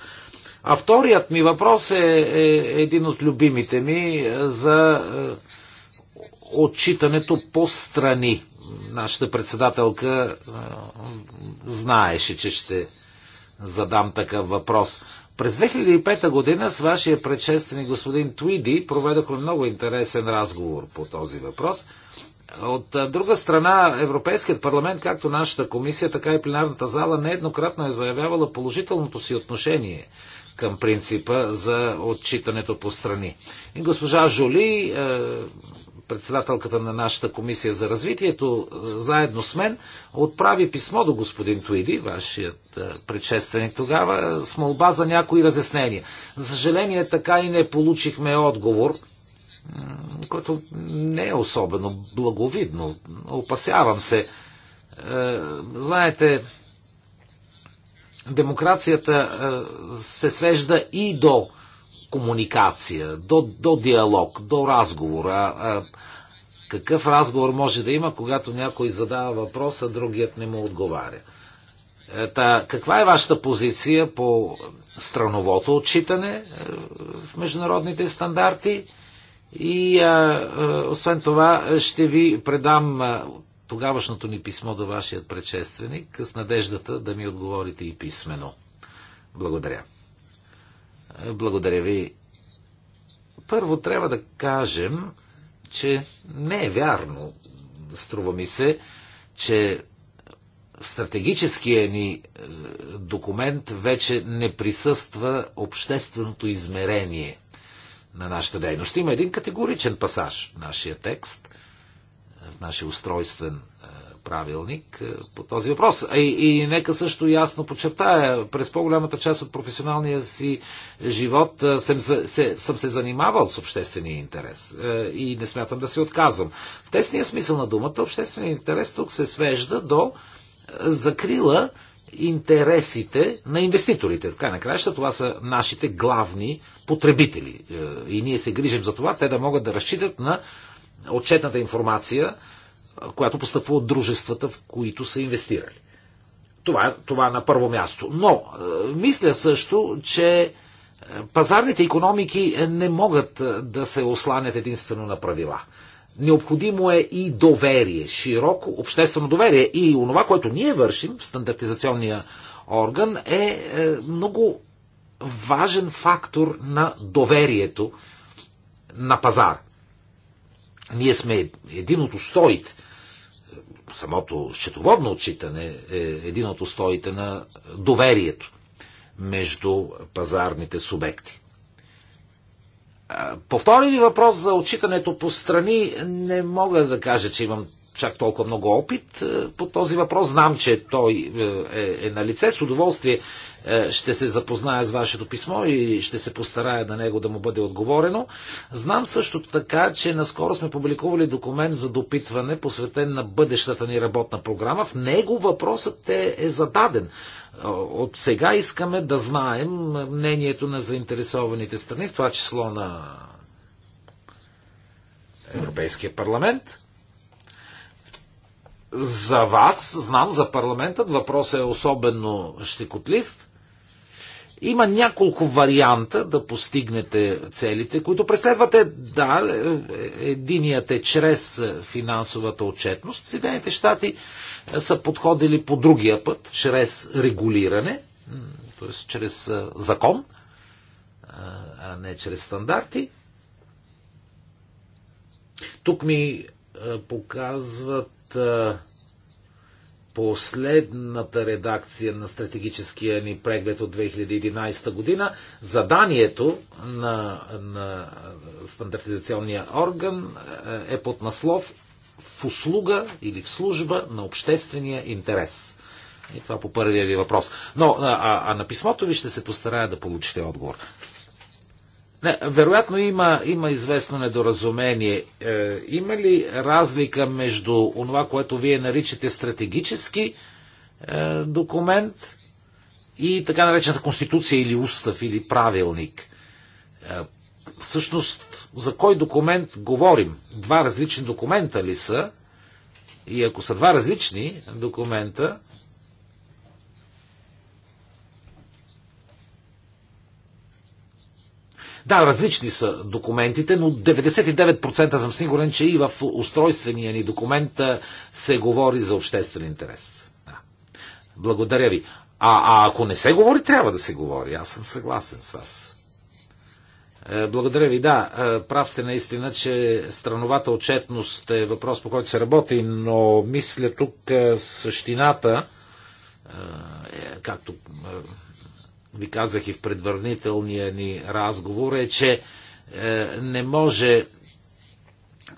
А вторият ми въпрос е, е един от любимите ми е, за е, отчитането по страни. Нашата председателка е, знаеше, че ще задам такъв въпрос. През 2005 година с вашия предшественик господин Туиди проведохме много интересен разговор по този въпрос. От друга страна, Европейският парламент, както нашата комисия, така и пленарната зала, нееднократно е заявявала положителното си отношение към принципа за отчитането по страни. И госпожа Жоли, председателката на нашата комисия за развитието, е, заедно с мен, отправи писмо до господин Туиди, вашият е, предшественик тогава, с молба за някои разяснения. За съжаление, така и не получихме отговор, който не е особено благовидно. Опасявам се. Е, знаете, демокрацията се свежда и до комуникация, до, до диалог, до разговор. А, а, какъв разговор може да има, когато някой задава въпрос, а другият не му отговаря? Е, та, каква е вашата позиция по страновото отчитане е, в международните стандарти? И а, а, е, освен това ще ви предам а, тогавашното ни писмо до вашия предшественик с надеждата да ми отговорите и писмено. Благодаря. Благодаря ви. Първо трябва да кажем, че не е вярно, струва ми се, че стратегическия ни е, документ вече не присъства общественото измерение на нашата дейност. Има един категоричен пасаж в нашия текст, в нашия устройствен правилник е, по този въпрос. И, и нека също ясно подчертая, през по-голямата част от професионалния си живот е, съм се, съм се занимавал с обществения интерес е, и не смятам да се отказвам. В тесния смисъл на думата, обществения интерес тук се свежда до закрила интересите на инвеститорите. Така накрая, това са нашите главни потребители. И ние се грижим за това, те да могат да разчитат на отчетната информация която постъпва от дружествата, в които са инвестирали. Това, това на първо място. Но е, мисля също, че е, пазарните економики не могат е, да се осланят единствено на правила. Необходимо е и доверие, широко обществено доверие. И онова, което ние вършим в стандартизационния орган е много важен фактор на доверието на пазара. Ние сме един от устоите, самото счетоводно отчитане е един от устоите на доверието между пазарните субекти. По втори ви въпрос за отчитането по страни не мога да кажа, че имам чак толкова много опит е, по този въпрос. Знам, че той е, е, е на лице. С удоволствие е, ще се запозная с вашето писмо и ще се постарая на него да му бъде отговорено. Знам също така, че наскоро сме публикували документ за допитване, посветен на бъдещата ни работна програма. В него въпросът е, е зададен. От сега искаме да знаем мнението на заинтересованите страни, в това число на Европейския парламент за вас, знам, за парламентът въпросът е особено щекотлив. Има няколко варианта да постигнете целите, които преследвате. Да, е, единият е чрез финансовата отчетност. Съединените щати са подходили по другия път, чрез регулиране, т.е. чрез закон, а не чрез стандарти. Тук ми показват последната редакция на стратегическия ни преглед от 2011 година. Заданието на, на стандартизационния орган е, е под наслов в услуга или в служба на обществения интерес. И това по първия ви въпрос. Но, а, а на писмото ви ще се постарая да получите отговор. Не, вероятно има, има известно недоразумение. Е, има ли разлика между това, което вие наричате стратегически е, документ и така наречената конституция или устав или правилник? Е, всъщност, за кой документ говорим? Два различни документа ли са? И ако са два различни документа, Да, различни са документите, но 99% съм сигурен, че и в устройствения ни документ се говори за обществен интерес. Да. Благодаря ви. А, а ако не се говори, трябва да се говори. Аз съм съгласен с вас. Е, благодаря ви. Да, е, прав сте наистина, че страновата отчетност е въпрос, по който се работи, но мисля тук е, същината, както ви казах и в предварителния ни разговор, е, че е, не може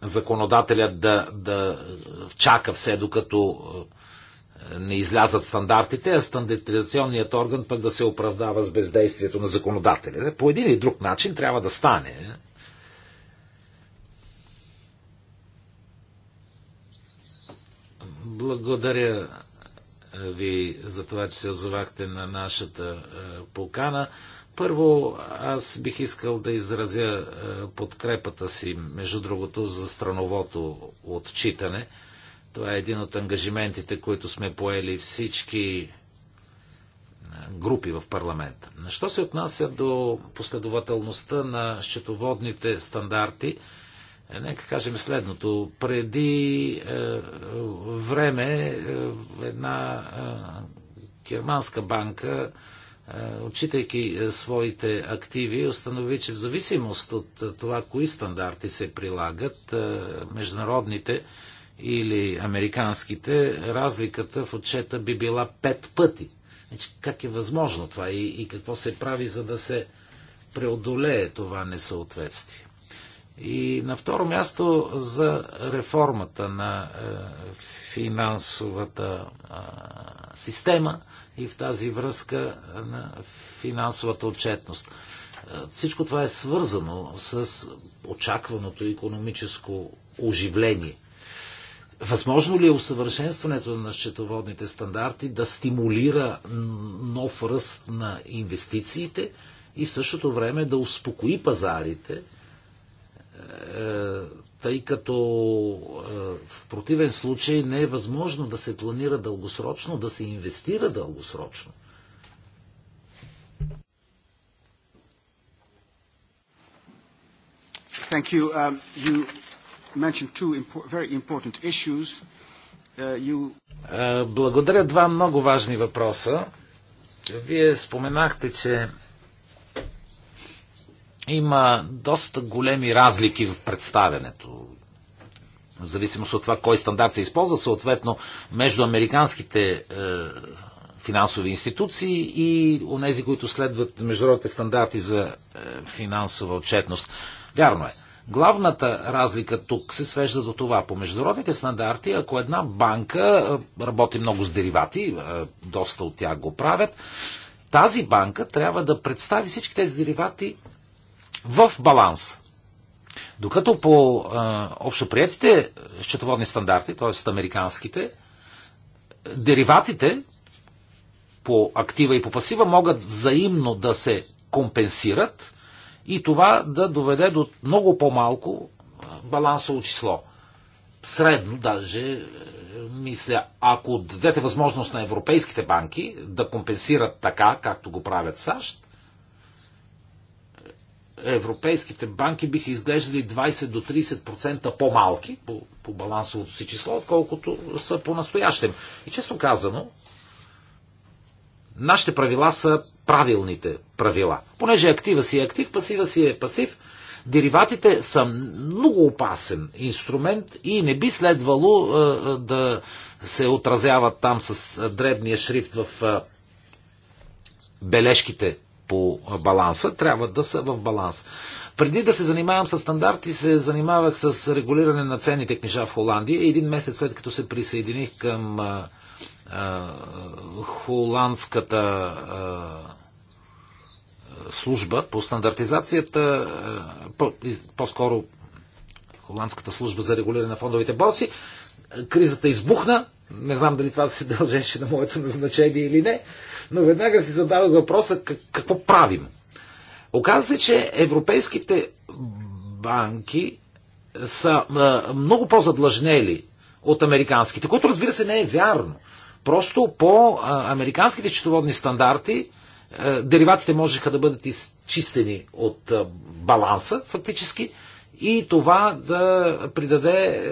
законодателят да, да чака все докато е, не излязат стандартите, а стандартизационният орган пък да се оправдава с бездействието на законодателя. По един или друг начин трябва да стане. Благодаря, ви за това, че се озовахте на нашата е, покана. Първо, аз бих искал да изразя е, подкрепата си, между другото, за страновото отчитане. Това е един от ангажиментите, които сме поели всички е, групи в парламента. Що се отнася до последователността на счетоводните стандарти, е, нека кажем следното. Преди е, време е, една е, германска банка, е, отчитайки е, своите активи, установи, че в зависимост от е, това, кои стандарти се прилагат, е, международните или американските, разликата в отчета би била пет пъти. Значи, как е възможно това и, и какво се прави, за да се преодолее това несъответствие? И на второ място за реформата на е, финансовата система и в тази връзка е, на финансовата отчетност. Е, всичко това е свързано с очакваното економическо оживление. Възможно ли е усъвършенстването на счетоводните стандарти да стимулира нов ръст на инвестициите и в същото време да успокои пазарите – е, тъй като е, в противен случай не е възможно да се планира дългосрочно, да се инвестира дългосрочно. Thank you. Um, you mentioned two impo- very important issues. Uh, you... uh, Благодаря. Два много важни въпроса. Вие споменахте, че има доста големи разлики в представенето. В зависимост от това кой стандарт се използва, съответно между американските е, финансови институции и онези, които следват международните стандарти за е, финансова отчетност. Вярно е. Главната разлика тук се свежда до това. По международните стандарти, ако една банка е, работи много с деривати, е, доста от тях го правят, тази банка трябва да представи всички тези деривати в баланс. Докато по а, общоприятите счетоводни стандарти, т.е. американските, дериватите по актива и по пасива могат взаимно да се компенсират и това да доведе до много по-малко балансово число. Средно даже, е, мисля, ако дадете възможност на европейските банки да компенсират така, както го правят САЩ, европейските банки биха изглеждали 20 до 30% по-малки по, по балансовото си число, отколкото са по-настоящем. И честно казано, нашите правила са правилните правила. Понеже актива си е актив, пасива си е пасив, дериватите са много опасен инструмент и не би следвало а, е, е, да се отразяват там с дребния шрифт в а, е, бележките по баланса трябва да са в баланс. Преди да се занимавам с стандарти, се занимавах с регулиране на ценните книжа в Холандия. Един месец след като се присъединих към а, а, холандската а, служба по стандартизацията, по, по-скоро холандската служба за регулиране на фондовите борси, кризата избухна. Не знам дали това се дължеше на моето назначение или не но веднага си задавах въпроса какво правим. Оказва се, че европейските банки са много по-задлъжнели от американските, което разбира се не е вярно. Просто по американските счетоводни стандарти дериватите можеха да бъдат изчистени от баланса фактически и това да придаде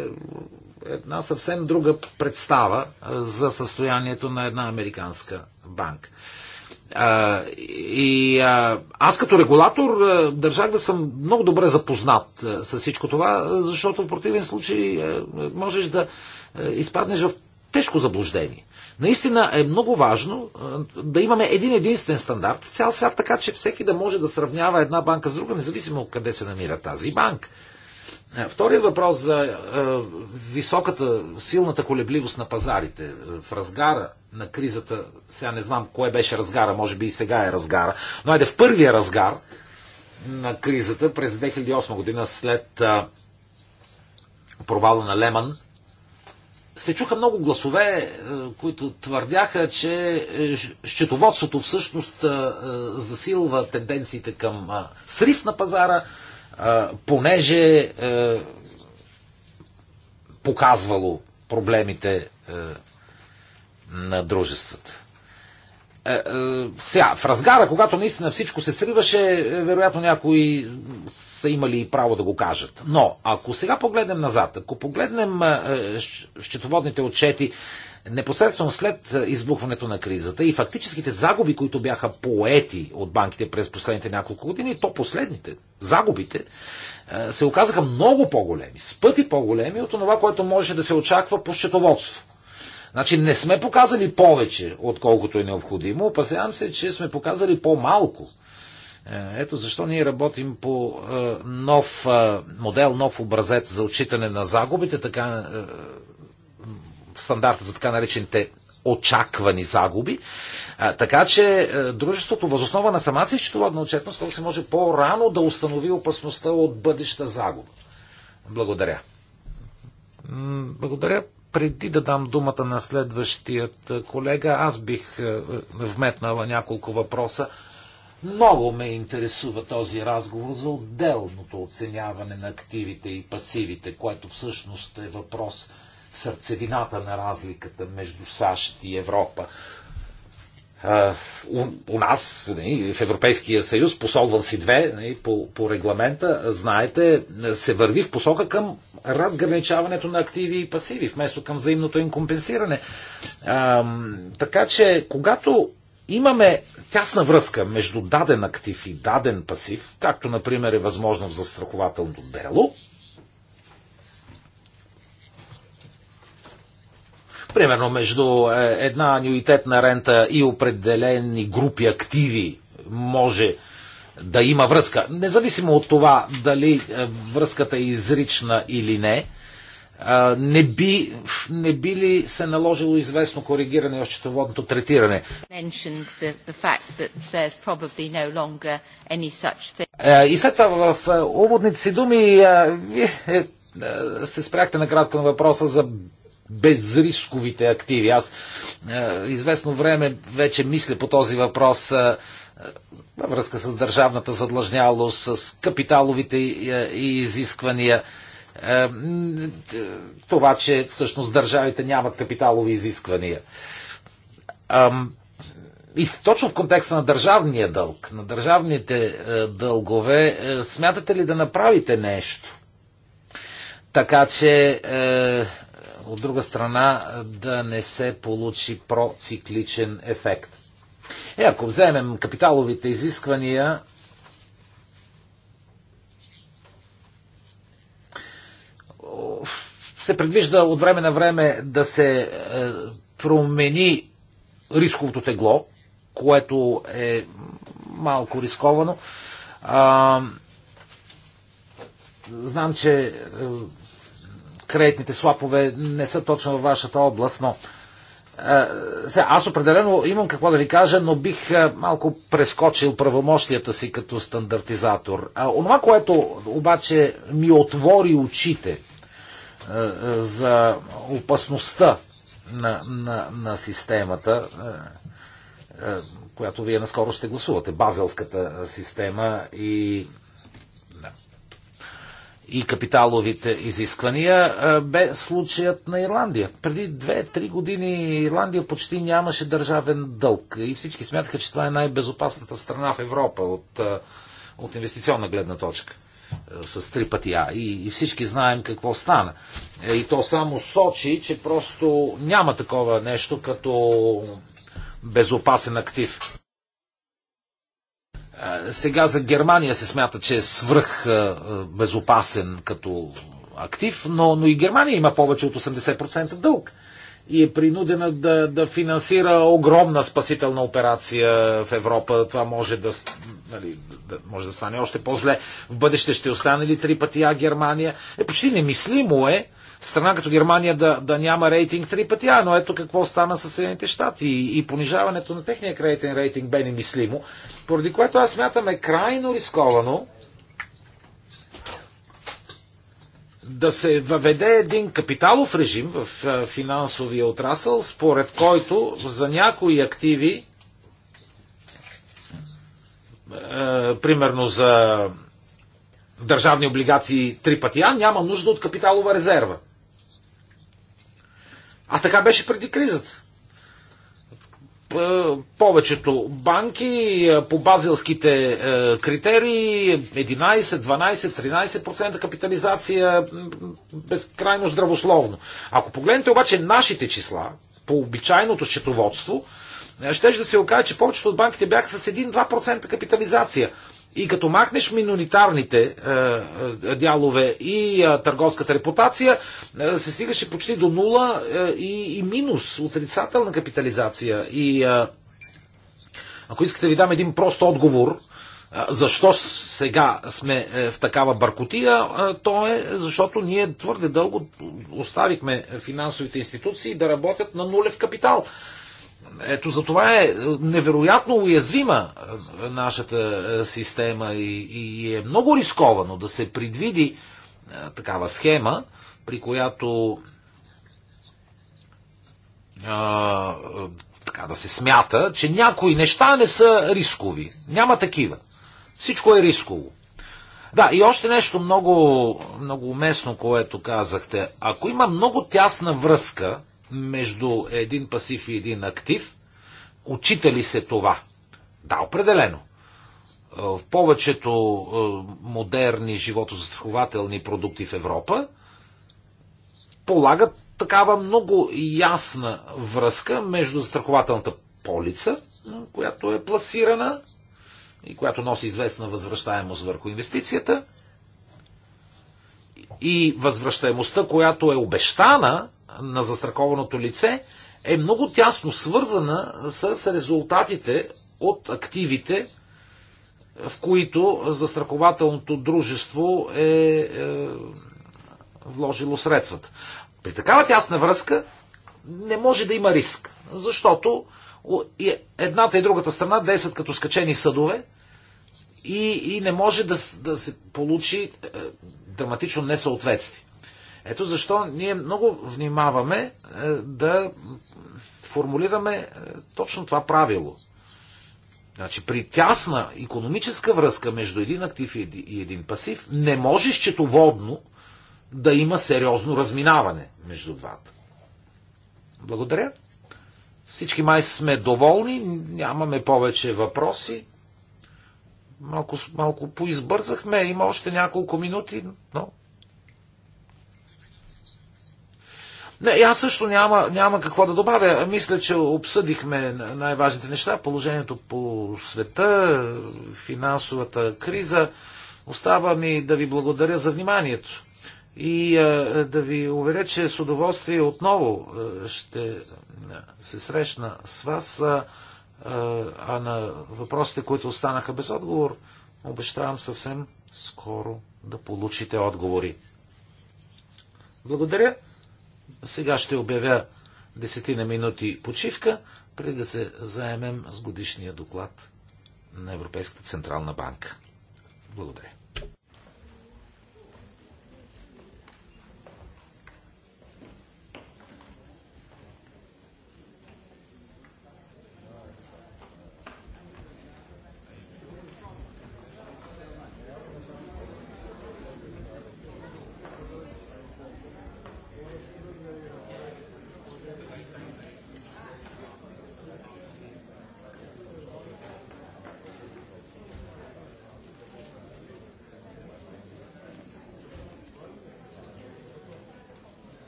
една съвсем друга представа за състоянието на една американска банка. А, и а, аз като регулатор а, държах да съм много добре запознат а, с всичко това, защото в противен случай а, можеш да а, изпаднеш в тежко заблуждение. Наистина е много важно да имаме един единствен стандарт в цял свят, така че всеки да може да сравнява една банка с друга, независимо къде се намира тази банка. Е, вторият въпрос за е, високата, силната колебливост на пазарите е, в разгара на кризата. Сега не знам кое беше разгара, може би и сега е разгара. Но айде в първия разгар на кризата през 2008 година след провала на Леман, се чуха много гласове, които твърдяха, че счетоводството всъщност засилва тенденциите към срив на пазара, понеже е, показвало проблемите е, на дружествата. Е, сега, в разгара, когато наистина всичко се сриваше, вероятно някои са имали и право да го кажат. Но, ако сега погледнем назад, ако погледнем счетоводните отчети непосредствено след е, избухването на кризата и фактическите загуби, които бяха поети от банките през последните няколко години, то последните, загубите, е, се оказаха много по-големи, с пъти по-големи от това, което можеше да се очаква по счетоводство. Значи не сме показали повече, отколкото е необходимо. Опасявам се, че сме показали по-малко. Е, ето защо ние работим по нов модел, нов образец за отчитане на загубите, така стандарта за така наречените очаквани загуби. А, така че е, дружеството възоснова на самата си счетоводна отчетност, колко се може по-рано да установи опасността от бъдеща загуба. Благодаря. Благодаря. Преди да дам думата на следващият е, колега, аз бих е, е, вметнала няколко въпроса. Много ме интересува този разговор за отделното оценяване на активите и пасивите, което всъщност е въпрос в сърцевината на разликата между САЩ и Европа. У, у нас, нали, в Европейския съюз, посол си две нали, по, по регламента, знаете, се върви в посока към разграничаването на активи и пасиви, вместо към взаимното им компенсиране. А, така че, когато имаме тясна връзка между даден актив и даден пасив, както, например, е възможно в застрахователното дело, Примерно между е, една анюитетна рента и определени групи активи може да има връзка. Независимо от това дали е, връзката е изрична или не, е, не би, не би ли се наложило известно коригиране в счетоводното третиране? И след това в уводните си думи вие се спряхте накратко на въпроса за безрисковите активи. Аз е, известно време вече мисля по този въпрос е, е във връзка с държавната задлъжнялост, с капиталовите е, и изисквания. Е, това, че всъщност държавите нямат капиталови изисквания. И точно в контекста на държавния дълг, на държавните е, дългове, смятате ли да направите нещо? Така че от друга страна да не се получи процикличен ефект. Е, ако вземем капиталовите изисквания, се предвижда от време на време да се е, промени рисковото тегло, което е малко рисковано. А, знам, че е, кредитните слапове не са точно във вашата област, но е, сега, аз определено имам какво да ви кажа, но бих е, малко прескочил правомощията си като стандартизатор. А, онова, което обаче ми отвори очите е, за опасността на, на, на системата, която вие наскоро ще гласувате, базелската система и и капиталовите изисквания бе случаят на Ирландия. Преди 2-3 години Ирландия почти нямаше държавен дълг и всички смятаха, че това е най-безопасната страна в Европа от, от инвестиционна гледна точка с три пъти А. И, и всички знаем какво стана. Е, и то само сочи, че просто няма такова нещо като безопасен актив. Сега за Германия се смята, че е свръх безопасен като актив, но, но и Германия има повече от 80% дълг и е принудена да, да финансира огромна спасителна операция в Европа. Това може да, нали, да, може да стане още по-зле. В бъдеще ще остане ли три пъти А Германия? Е, почти немислимо е страна като Германия да, да няма рейтинг три пъти, а, но ето какво стана с Съединените щати и, и понижаването на техния кредитен рейтинг бе немислимо, поради което аз смятам е крайно рисковано да се въведе един капиталов режим в финансовия отрасъл, според който за някои активи, примерно за държавни облигации три пъти А, няма нужда от капиталова резерва. А така беше преди кризата. Е, повечето банки е, по базилските е, критерии 11, 12, 13% капитализация безкрайно здравословно. Ако погледнете обаче нашите числа по обичайното счетоводство, ще да се окаже, че повечето от банките бяха с 1-2% капитализация. И като махнеш миноритарните е, е, дялове и е, търговската репутация, е, се стигаше почти до нула е, и, и минус, отрицателна капитализация. И е, ако искате ви дам един прост отговор, е, защо сега сме е, в такава бъркотия, е, то е защото ние твърде дълго оставихме финансовите институции да работят на нулев капитал. Е, ето за това е невероятно уязвима е, нашата е, система и, и е много рисковано да се предвиди е, такава схема, при която а, така да се смята, че някои неща не са рискови. Няма такива. Всичко е рисково. Да, и още нещо много, много уместно, което казахте. Ако има много тясна връзка между един пасив и един актив. Отчита ли се това? Да, определено. Е, в повечето е, модерни животозастрахователни продукти в Европа полагат такава много ясна връзка между застрахователната полица, която е пласирана и която носи известна възвръщаемост върху инвестицията, и възвръщаемостта, която е обещана на застрахованото лице е много тясно свързана с резултатите от активите, в които застрахователното дружество е, е вложило средствата. При такава тясна връзка не може да има риск, защото едната и другата страна действат като скачени съдове и, и не може да, да се получи е, драматично несъответствие. Ето защо ние много внимаваме е, да формулираме е, точно това правило. Значи при тясна економическа връзка между един актив и един пасив не може счетоводно да има сериозно разминаване между двата. Благодаря. Всички май сме доволни, нямаме повече въпроси. Малко, малко поизбързахме, има още няколко минути, но Не, аз също няма, няма какво да добавя. Мисля, че обсъдихме най-важните неща. Положението по света, финансовата криза. Остава ми да ви благодаря за вниманието и а, да ви уверя, че с удоволствие отново а, ще се срещна с вас, а, а на въпросите, които останаха без отговор, обещавам съвсем скоро да получите отговори. Благодаря. Сега ще обявя десетина минути почивка, преди да се заемем с годишния доклад на Европейската Централна банка. Благодаря.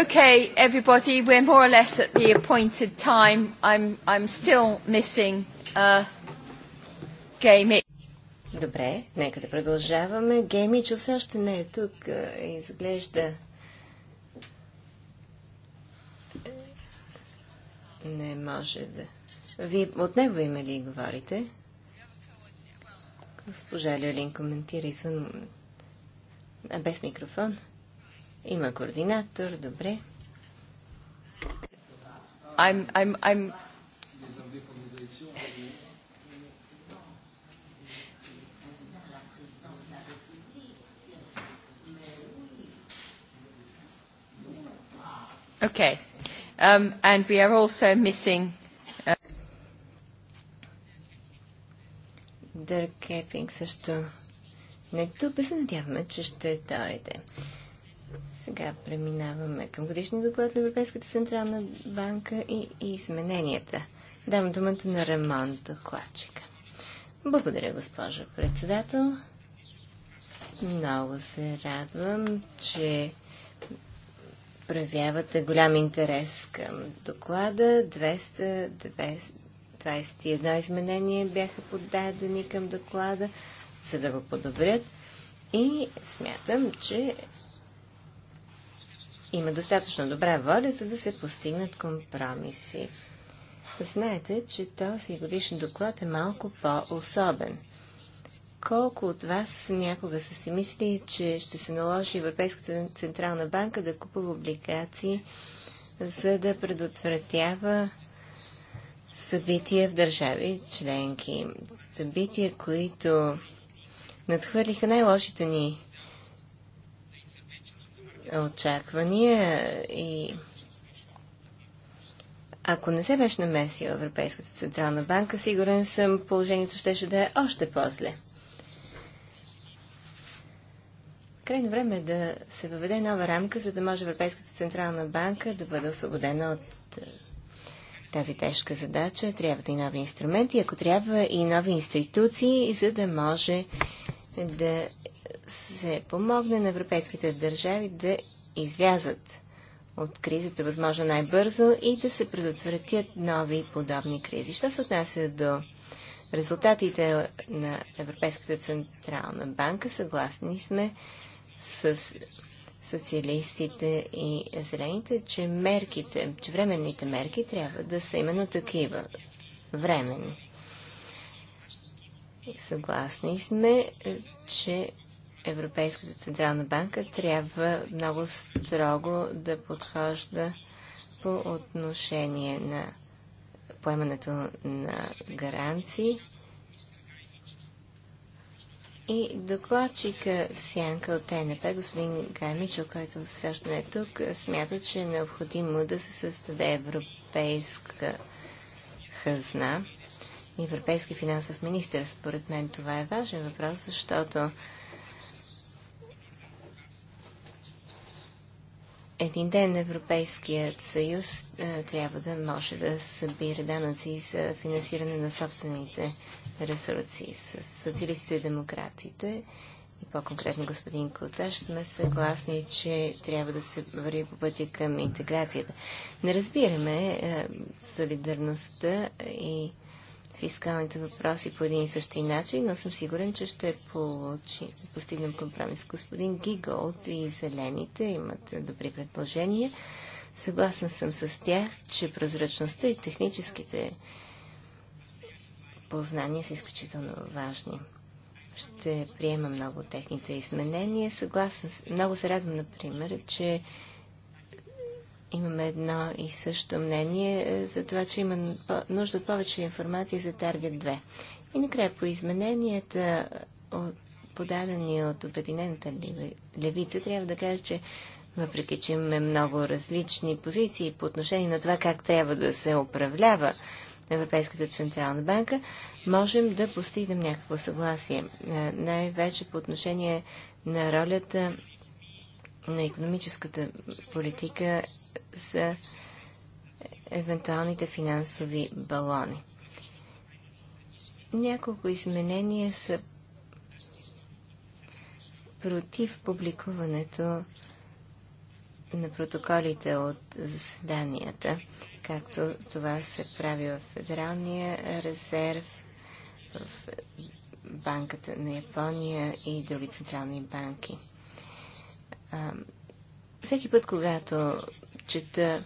Okay, everybody, we're more or less at the appointed time. I'm, I'm still missing uh, Гейми. Добре, нека да продължаваме. Геймичо все още не е тук. Изглежда Не може да. Вие от него име ли говорите? Госпожа Люлин коментира извън... А без микрофон. Има координатор, добре. I'm, I'm, I'm... Okay. Um, and we are also missing... Uh... Дърк Кепинг също не е тук. се надяваме, че ще дойде. Сега преминаваме към годишния доклад на Европейската централна банка и, и измененията. Дам думата на Ремон докладчика. Благодаря, госпожо председател. Много се радвам, че проявявате голям интерес към доклада. 221 изменения бяха поддадени към доклада, за да го подобрят. И смятам, че има достатъчно добра воля, за да се постигнат компромиси. Знаете, че този годишен доклад е малко по-особен. Колко от вас някога са си мисли, че ще се наложи Европейската Централна банка да купува облигации, за да предотвратява събития в държави членки? Събития, които надхвърлиха най-лошите ни очаквания и ако не се беше намесила Европейската Централна банка, сигурен съм, положението ще да е още по-зле. Крайно време е да се въведе нова рамка, за да може Европейската Централна банка да бъде освободена от е, тази тежка задача. Трябват да и нови инструменти, ако трябва и нови институции, за да може да се помогне на европейските държави да излязат от кризата възможно най-бързо и да се предотвратят нови подобни кризи. Що се отнася до резултатите на Европейската централна банка, съгласни сме с социалистите и зелените, че мерките, че временните мерки трябва да са именно такива. Временни. Съгласни сме, че Европейската Централна банка трябва много строго да подхожда по отношение на поемането на гаранции. И докладчика в сянка от ТНП, господин Гаймичо, който все още не е тук, смята, че е необходимо да се създаде европейска хазна. Европейски финансов министр. Според мен това е важен въпрос, защото един ден Европейският съюз е, трябва да може да събира данъци за финансиране на собствените ресурси. С социалистите и демократите и по-конкретно господин Куташ сме съгласни, че трябва да се върви по пътя към интеграцията. Не разбираме е, солидарността и фискалните въпроси по един и същи начин, но съм сигурен, че ще получи, постигнем компромис. Господин Гиголд и Зелените имат добри предложения. Съгласен съм с тях, че прозрачността и техническите познания са изключително важни. Ще приема много техните изменения. Съгласен, много се радвам, например, че имаме едно и също мнение е, за това, че има нужда от повече информация за Таргет 2. И накрая по измененията, е, подадени от Обединената левица, трябва да кажа, че въпреки, че имаме много различни позиции по отношение на това как трябва да се управлява Европейската Централна банка, можем да постигнем някакво съгласие. Е, най-вече по отношение на ролята на економическата политика за евентуалните финансови балони. Няколко изменения са против публикуването на протоколите от заседанията, както това се прави в Федералния резерв, в Банката на Япония и други централни банки. всеки път, когато чета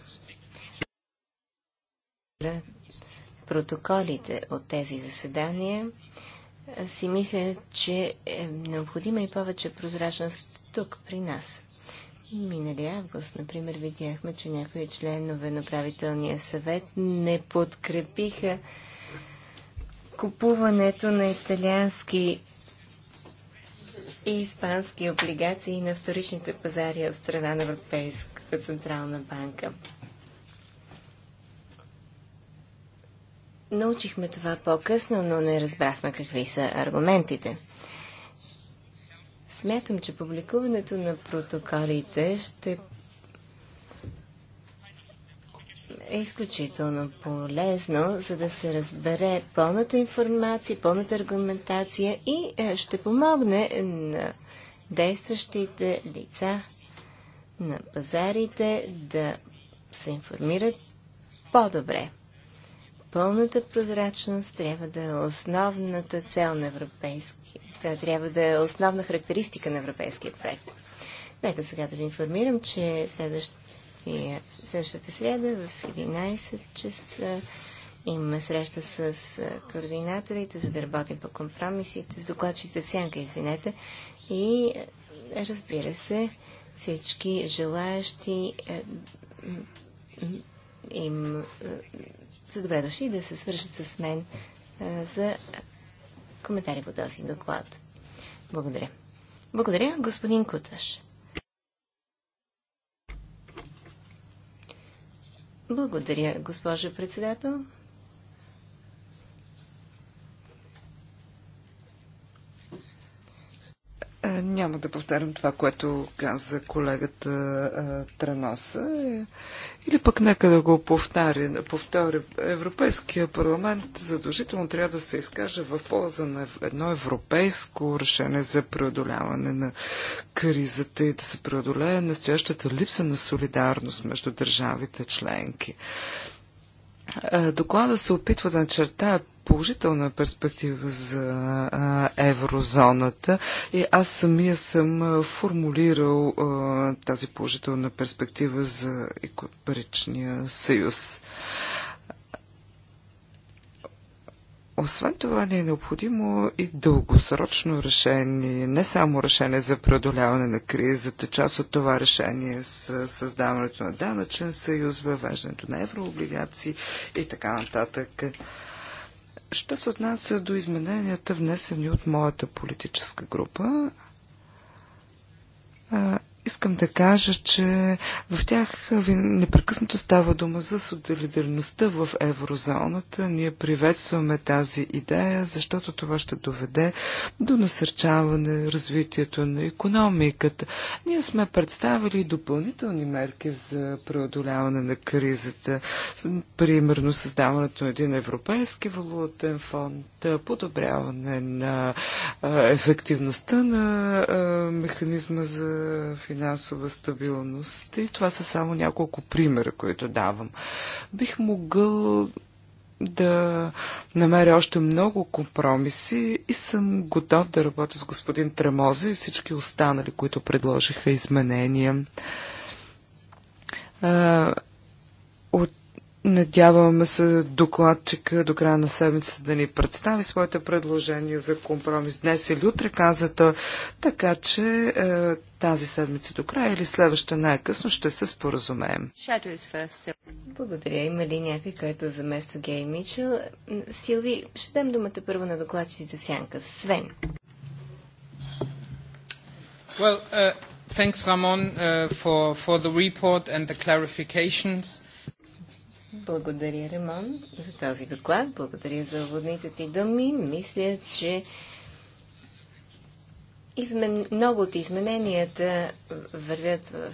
протоколите от тези заседания, си мисля, че е необходима и повече прозрачност тук, при нас. Миналия август, например, видяхме, че някои членове на правителния съвет не подкрепиха купуването на италиански и испански облигации на вторичните пазари от страна на Европейския Европейска централна банка. Научихме това по-късно, но не разбрахме какви са аргументите. Смятам, че публикуването на протоколите ще е изключително полезно, за да се разбере пълната информация, пълната аргументация и е, ще помогне на действащите лица на пазарите да се информират по-добре. Пълната прозрачност трябва да е основната цел на европейски. Тя трябва да е основна характеристика на европейския проект. Нека сега да ви информирам, че следващия, следващата среда, в 11 часа имаме среща с координаторите, за да работим по компромисите, с докладчите в сянка, извинете. И разбира се, всички желаящи е, им е, са добре дошли да се свържат с мен е, за коментари по този доклад. Благодаря. Благодаря, господин Куташ. Благодаря, госпожа председател. Е, няма да повтарям това, което каза колегата е, Траноса. Или пък нека да го повтаря. повторя. Европейския парламент задължително трябва да се изкаже в полза на едно европейско решение за преодоляване на кризата и да се преодолее настоящата липса на солидарност между държавите членки. Е, доклада се опитва да начертая положителна перспектива за еврозоната и аз самия съм формулирал тази положителна перспектива за паричния съюз. Освен това ни е необходимо и дългосрочно решение, не само решение за преодоляване на кризата. Част от това решение с създаването на данъчен съюз, въвеждането на еврооблигации и така нататък. Що се отнася до измененията, внесени от моята политическа група, искам да кажа, че в тях непрекъснато става дума за солидарността в еврозоната. Ние приветстваме тази идея, защото това ще доведе до насърчаване развитието на економиката. Ние сме представили допълнителни мерки за преодоляване на кризата, примерно създаването на един европейски валутен фонд, подобряване на ефективността на механизма за финансово финансова стабилност. И това са само няколко примера, които давам. Бих могъл да намеря още много компромиси и съм готов да работя с господин Тремоза и всички останали, които предложиха изменения. От Надяваме се докладчика до края на седмица да ни представи своите предложения за компромис днес или утре, каза той. Така че е, тази седмица до края или следваща най-късно ще се споразумеем. Благодаря. Има ли някой, който за место Гей Мичел? Силви, ще дам думата първо на докладчиците в сянка. Свен. Well, uh, thanks, Ramon, uh, for, for the report and the clarifications. Благодаря, Ремон, за този доклад. Благодаря за водните ти думи. Мисля, че измен... много от измененията вървят в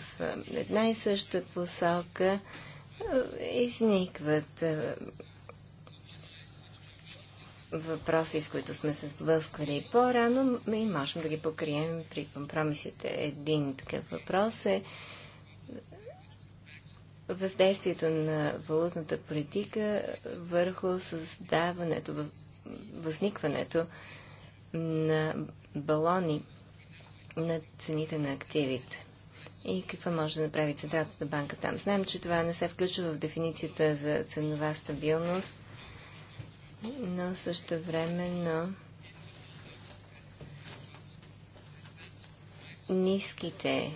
една и съща посока. Изникват въпроси, с които сме се сблъсквали по-рано и можем да ги покрием при компромисите. Един такъв въпрос е въздействието на валутната политика върху създаването, възникването на балони на цените на активите. И какво може да направи Централната банка там? Знаем, че това не се включва в дефиницията за ценова стабилност, но също времено ниските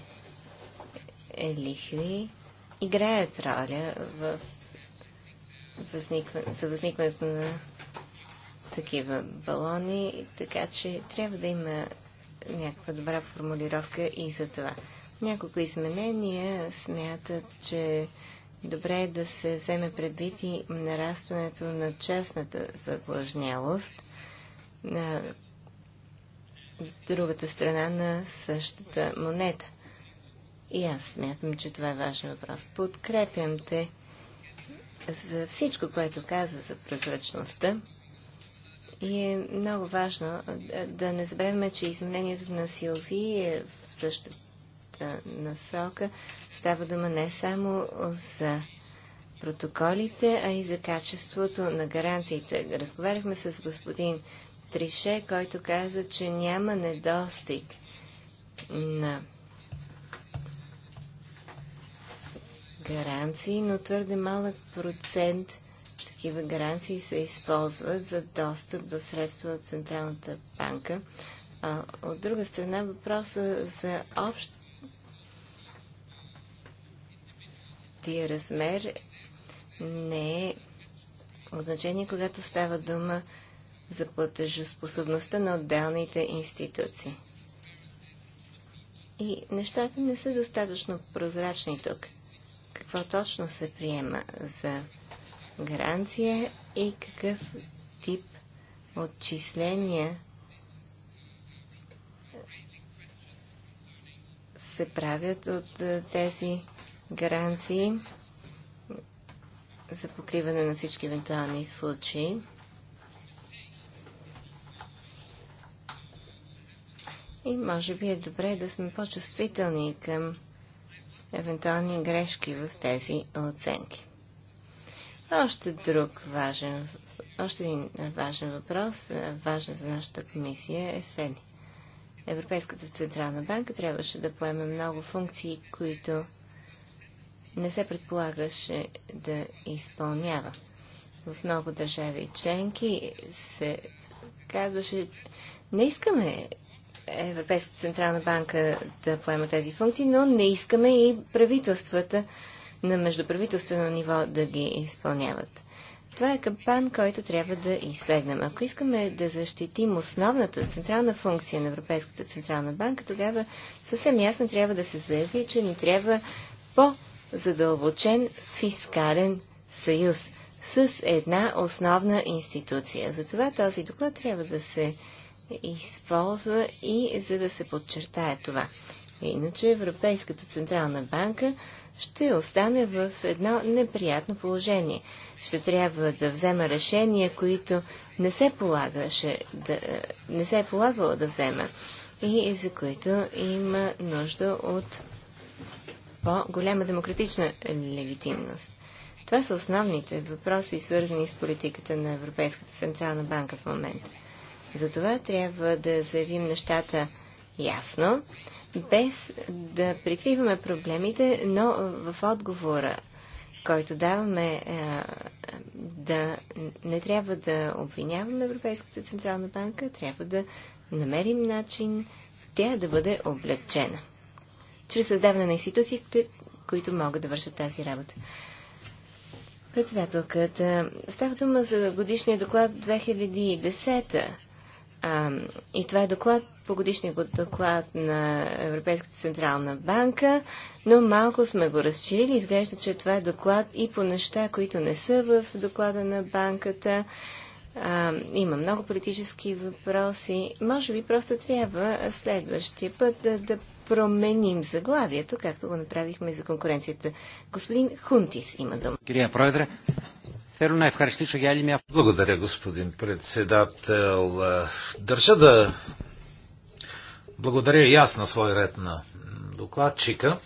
е лихви играят роля в възниква, за възникването на такива балони, така че трябва да има някаква добра формулировка и за това. Няколко изменения смятат, че добре е да се вземе предвид и нарастването на частната задлъжнялост на другата страна на същата монета. И аз смятам, че това е важен въпрос. Подкрепям те за всичко, което каза за прозрачността. И е много важно да не забравяме, че изменението на Силви е в същата насока. Става дума не само за протоколите, а и за качеството на гаранциите. Разговаряхме с господин Трише, който каза, че няма недостиг на гаранции, но твърде малък процент такива гаранции се използват за достъп до средства от Централната банка. А, от друга страна, въпроса за общия размер не е от значение, когато става дума за платежоспособността на отделните институции. И нещата не са достатъчно прозрачни тук какво точно се приема за гаранция и какъв тип отчисления се правят от тези гаранции за покриване на всички евентуални случаи. И може би е добре да сме по-чувствителни към евентуални грешки в тези оценки. Още друг важен, още един важен въпрос, е, важен за нашата комисия е СЕДИ. Европейската Централна банка трябваше да поеме много функции, които не се предполагаше да изпълнява. В много държави и членки се казваше, не искаме Европейската централна банка да поема тези функции, но не искаме и правителствата на междуправителствено ниво да ги изпълняват. Това е кампан, който трябва да избегнем. Ако искаме да защитим основната централна функция на Европейската централна банка, тогава съвсем ясно трябва да се заяви, че ни трябва по-задълбочен фискален съюз с една основна институция. Затова този доклад трябва да се използва и за да се подчертае това. Иначе Европейската Централна банка ще остане в едно неприятно положение. Ще трябва да взема решения, които не се, полагаше да, не се е полагало да взема и за които има нужда от по-голяма демократична легитимност. Това са основните въпроси, свързани с политиката на Европейската Централна банка в момента. Затова трябва да заявим нещата ясно, без да прикриваме проблемите, но в отговора, който даваме, е, да не трябва да обвиняваме Европейската Централна банка, трябва да намерим начин тя да бъде облегчена. Чрез създаване на институциите, които могат да вършат тази работа. Председателката, става дума за годишния доклад 2010 а, и това е доклад по годишния доклад на Европейската централна банка, но малко сме го разширили. Изглежда, че това е доклад и по неща, които не са в доклада на банката. А, има много политически въпроси. Може би просто трябва следващия път да, да променим заглавието, както го направихме за конкуренцията. Господин Хунтис има дума. Кирия Пройдре, благодаря, господин председател. Държа да благодаря и аз на свой ред на докладчика.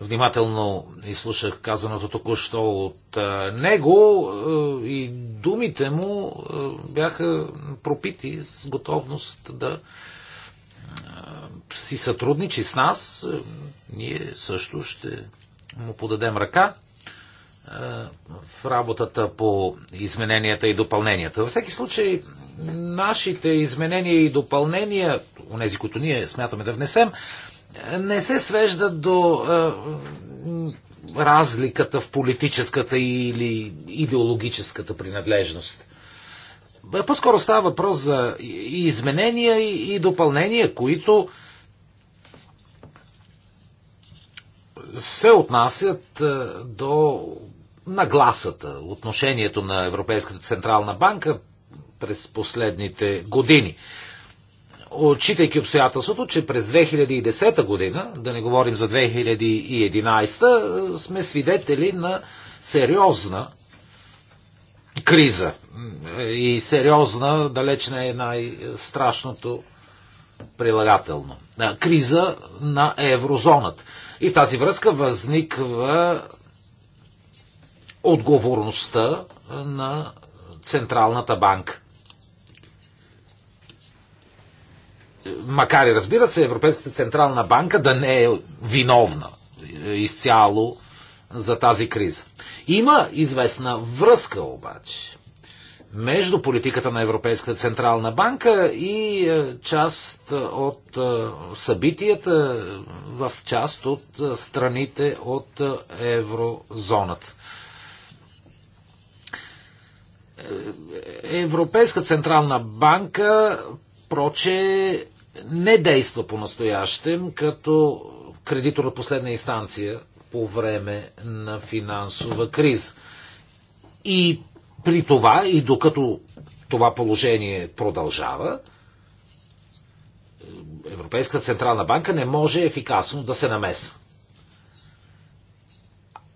Внимателно изслушах казаното току-що от него и думите му бяха пропити с готовност да си сътрудничи с нас. Ние също ще му подадем ръка е, в работата по измененията и допълненията. Във всеки случай, нашите изменения и допълнения, онези, които ние смятаме да внесем, не се свеждат до е, разликата в политическата или идеологическата принадлежност. Е, по-скоро става въпрос за изменения и допълнения, които се отнасят е, до нагласата, отношението на Европейската Централна банка през последните години. Отчитайки обстоятелството, че през 2010 година, да не говорим за 2011, сме свидетели на сериозна криза. И сериозна, далеч не е най-страшното прилагателно. Криза на еврозоната. И в тази връзка възниква отговорността на Централната банка. Макар и разбира се, Европейската Централна банка да не е виновна изцяло за тази криза. Има известна връзка обаче между политиката на Европейската централна банка и е, част от е, събитията в част от е, страните от еврозоната. Европейска централна банка, проче, не действа по-настоящем като кредитор от последна инстанция по време на финансова криза. И при това и докато това положение продължава, Европейската централна банка не може ефикасно да се намеса.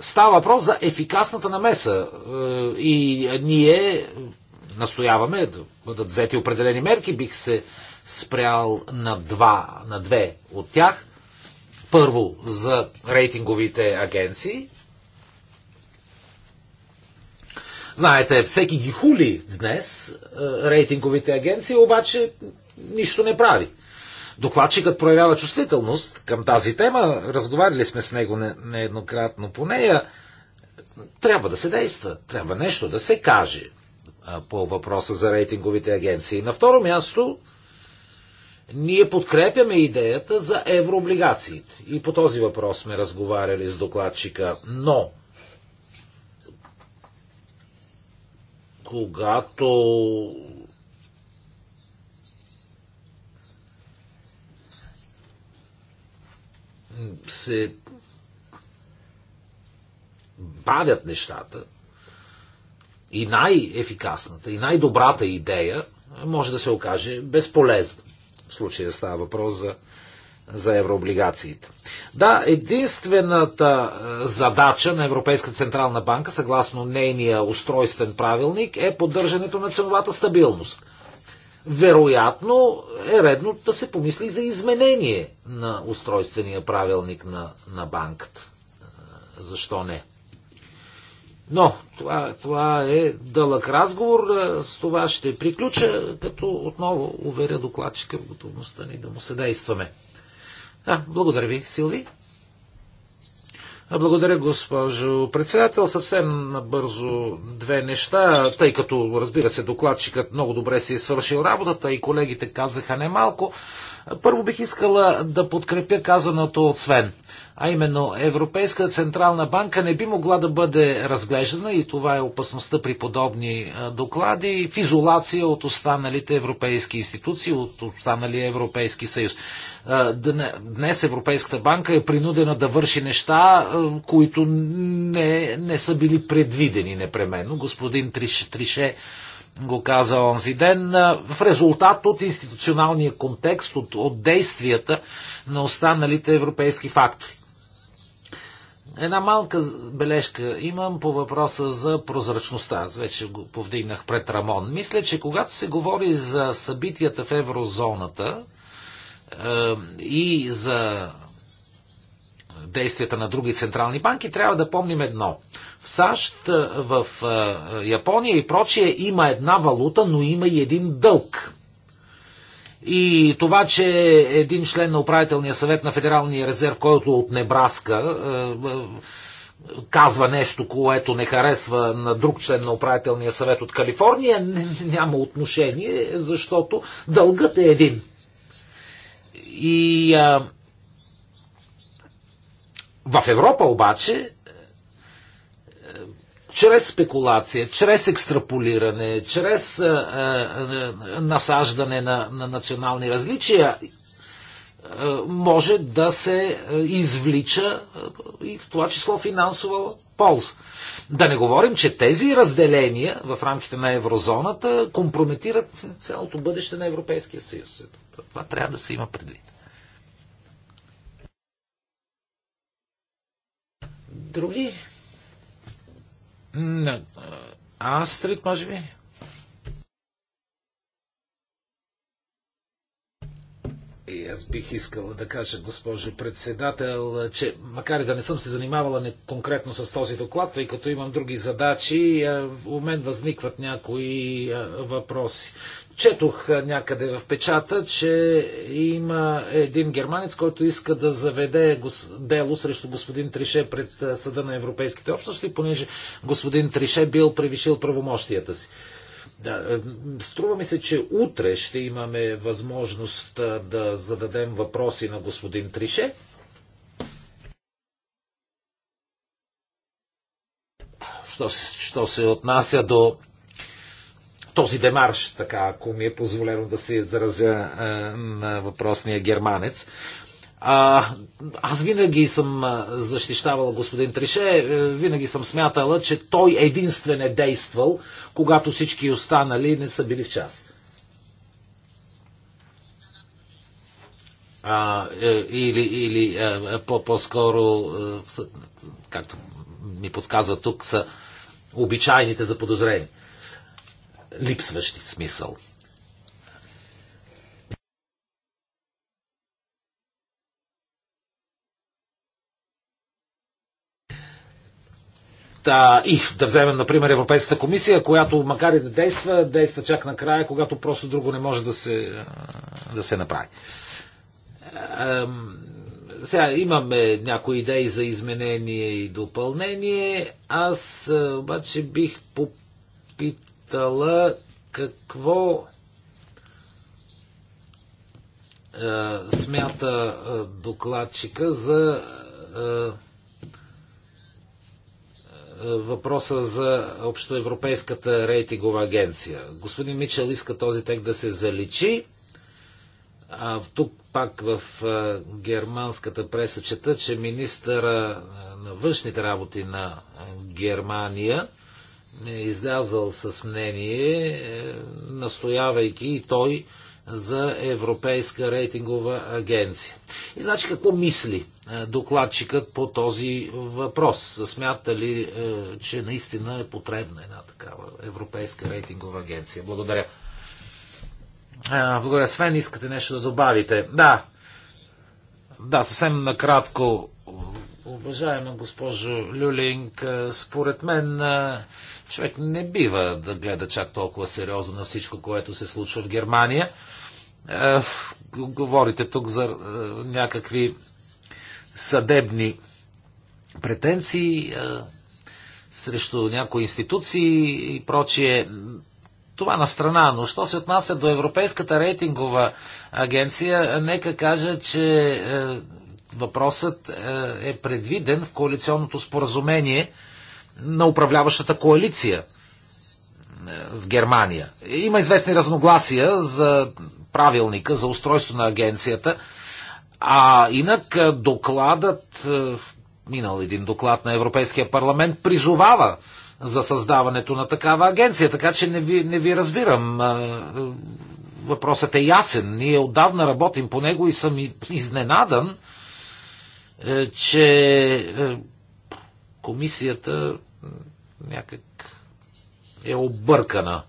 Става въпрос за ефикасната намеса е, и ние настояваме да бъдат взети определени мерки. Бих се спрял на, два, на две от тях. Първо за рейтинговите агенции – Знаете, всеки ги хули днес, е, рейтинговите агенции, обаче нищо не прави. Докладчикът проявява чувствителност към тази тема, разговаряли сме с него нееднократно по нея. Трябва да се действа, трябва нещо да се каже е, по въпроса за рейтинговите агенции. На второ място, ние подкрепяме идеята за еврооблигациите. И по този въпрос сме разговаряли с докладчика. Но когато се бавят нещата и най-ефикасната и най-добрата идея може да се окаже безполезна. В случая става въпрос за за еврооблигациите. Да, единствената е, задача на Европейската централна банка, съгласно нейния устройствен правилник, е поддържането на ценовата стабилност. Вероятно е редно да се помисли за изменение на устройствения правилник на, на банката. Е, защо не? Но това, това е дълъг разговор. Е, с това ще приключа, като отново уверя докладчика в готовността ни да му съдействаме. А, благодаря ви, Силви. Благодаря, госпожо председател. Съвсем набързо две неща, тъй като, разбира се, докладчикът много добре си е свършил работата и колегите казаха немалко. малко. Първо бих искала да подкрепя казаното от Свен. А именно, Европейска централна банка не би могла да бъде разглеждана, и това е опасността при подобни доклади, в изолация от останалите европейски институции, от останалия Европейски съюз. Днес Европейската банка е принудена да върши неща, които не, не са били предвидени непременно. Господин Трише, Трише го каза онзи ден, в резултат от институционалния контекст, от, от действията на останалите европейски фактори. Една малка бележка имам по въпроса за прозрачността. Аз вече го повдигнах пред Рамон. Мисля, че когато се говори за събитията в еврозоната е, и за действията на други централни банки, трябва да помним едно. В САЩ, в Япония и прочие има една валута, но има и един дълг. И това, че един член на управителния съвет на Федералния резерв, който от Небраска, казва нещо, което не харесва на друг член на управителния съвет от Калифорния, няма отношение, защото дългът е един. И а, в Европа обаче, е, е, чрез спекулация, чрез екстраполиране, чрез е, насаждане на, на национални различия, може да се извлича и в това число финансова полза. Да не говорим, че тези разделения в рамките на еврозоната компрометират цялото бъдеще на Европейския съюз. Това трябва да се има предвид. Други? Не. Астрид, може би? И аз бих искала да кажа, госпожо председател, че макар и да не съм се занимавала конкретно с този доклад, тъй като имам други задачи, у мен възникват някои въпроси. Четох някъде в печата, че има един германец, който иска да заведе дело срещу господин Трише пред Съда на Европейските общности, понеже господин Трише бил превишил правомощията си. Да, е, струва ми се, че утре ще имаме възможност е, да зададем въпроси на господин Трише. Що, що се отнася до този демарш, така, ако ми е позволено да се заразя е, на въпросния германец. А, аз винаги съм защищавал господин Трише, е, винаги съм смятала, че той единствен е действал, когато всички останали не са били в час. А, е, или или е, по-скоро, както ми подсказва тук, са обичайните заподозрени. Липсващи в смисъл. Та, и да вземем, например, Европейската комисия, която макар и да действа, действа чак накрая, когато просто друго не може да се, да се направи. Сега имаме някои идеи за изменение и допълнение. Аз обаче бих попитала какво смята докладчика за е, въпроса за Общоевропейската рейтингова агенция. Господин Мичел иска този текст да се заличи. А тук пак в е, германската преса чета, че министъра е, на външните работи на Германия е излязал с мнение, настоявайки и той за Европейска рейтингова агенция. И значи какво мисли е, докладчикът по този въпрос? Смята ли, е, че наистина е потребна една такава Европейска рейтингова агенция? Благодаря. Благодаря. Свен, искате нещо да добавите? Да. Да, съвсем накратко. Уважаема госпожо Люлинг, е, според мен човек не бива да гледа чак толкова сериозно на всичко, което се случва в Германия – е, говорите тук за е, някакви съдебни претенции е, срещу някои институции и прочие. Това на страна, но що се отнася до Европейската рейтингова агенция, нека кажа, че е, въпросът е предвиден в коалиционното споразумение на управляващата коалиция – е, в Германия. Има известни разногласия за правилника за устройство на агенцията, а инак е, докладът, е, минал един доклад на Европейския парламент, призовава за създаването на такава агенция, така че не ви, не ви разбирам. Въпросът е ясен. Ние отдавна работим по него и съм изненадан, че комисията някак е объркана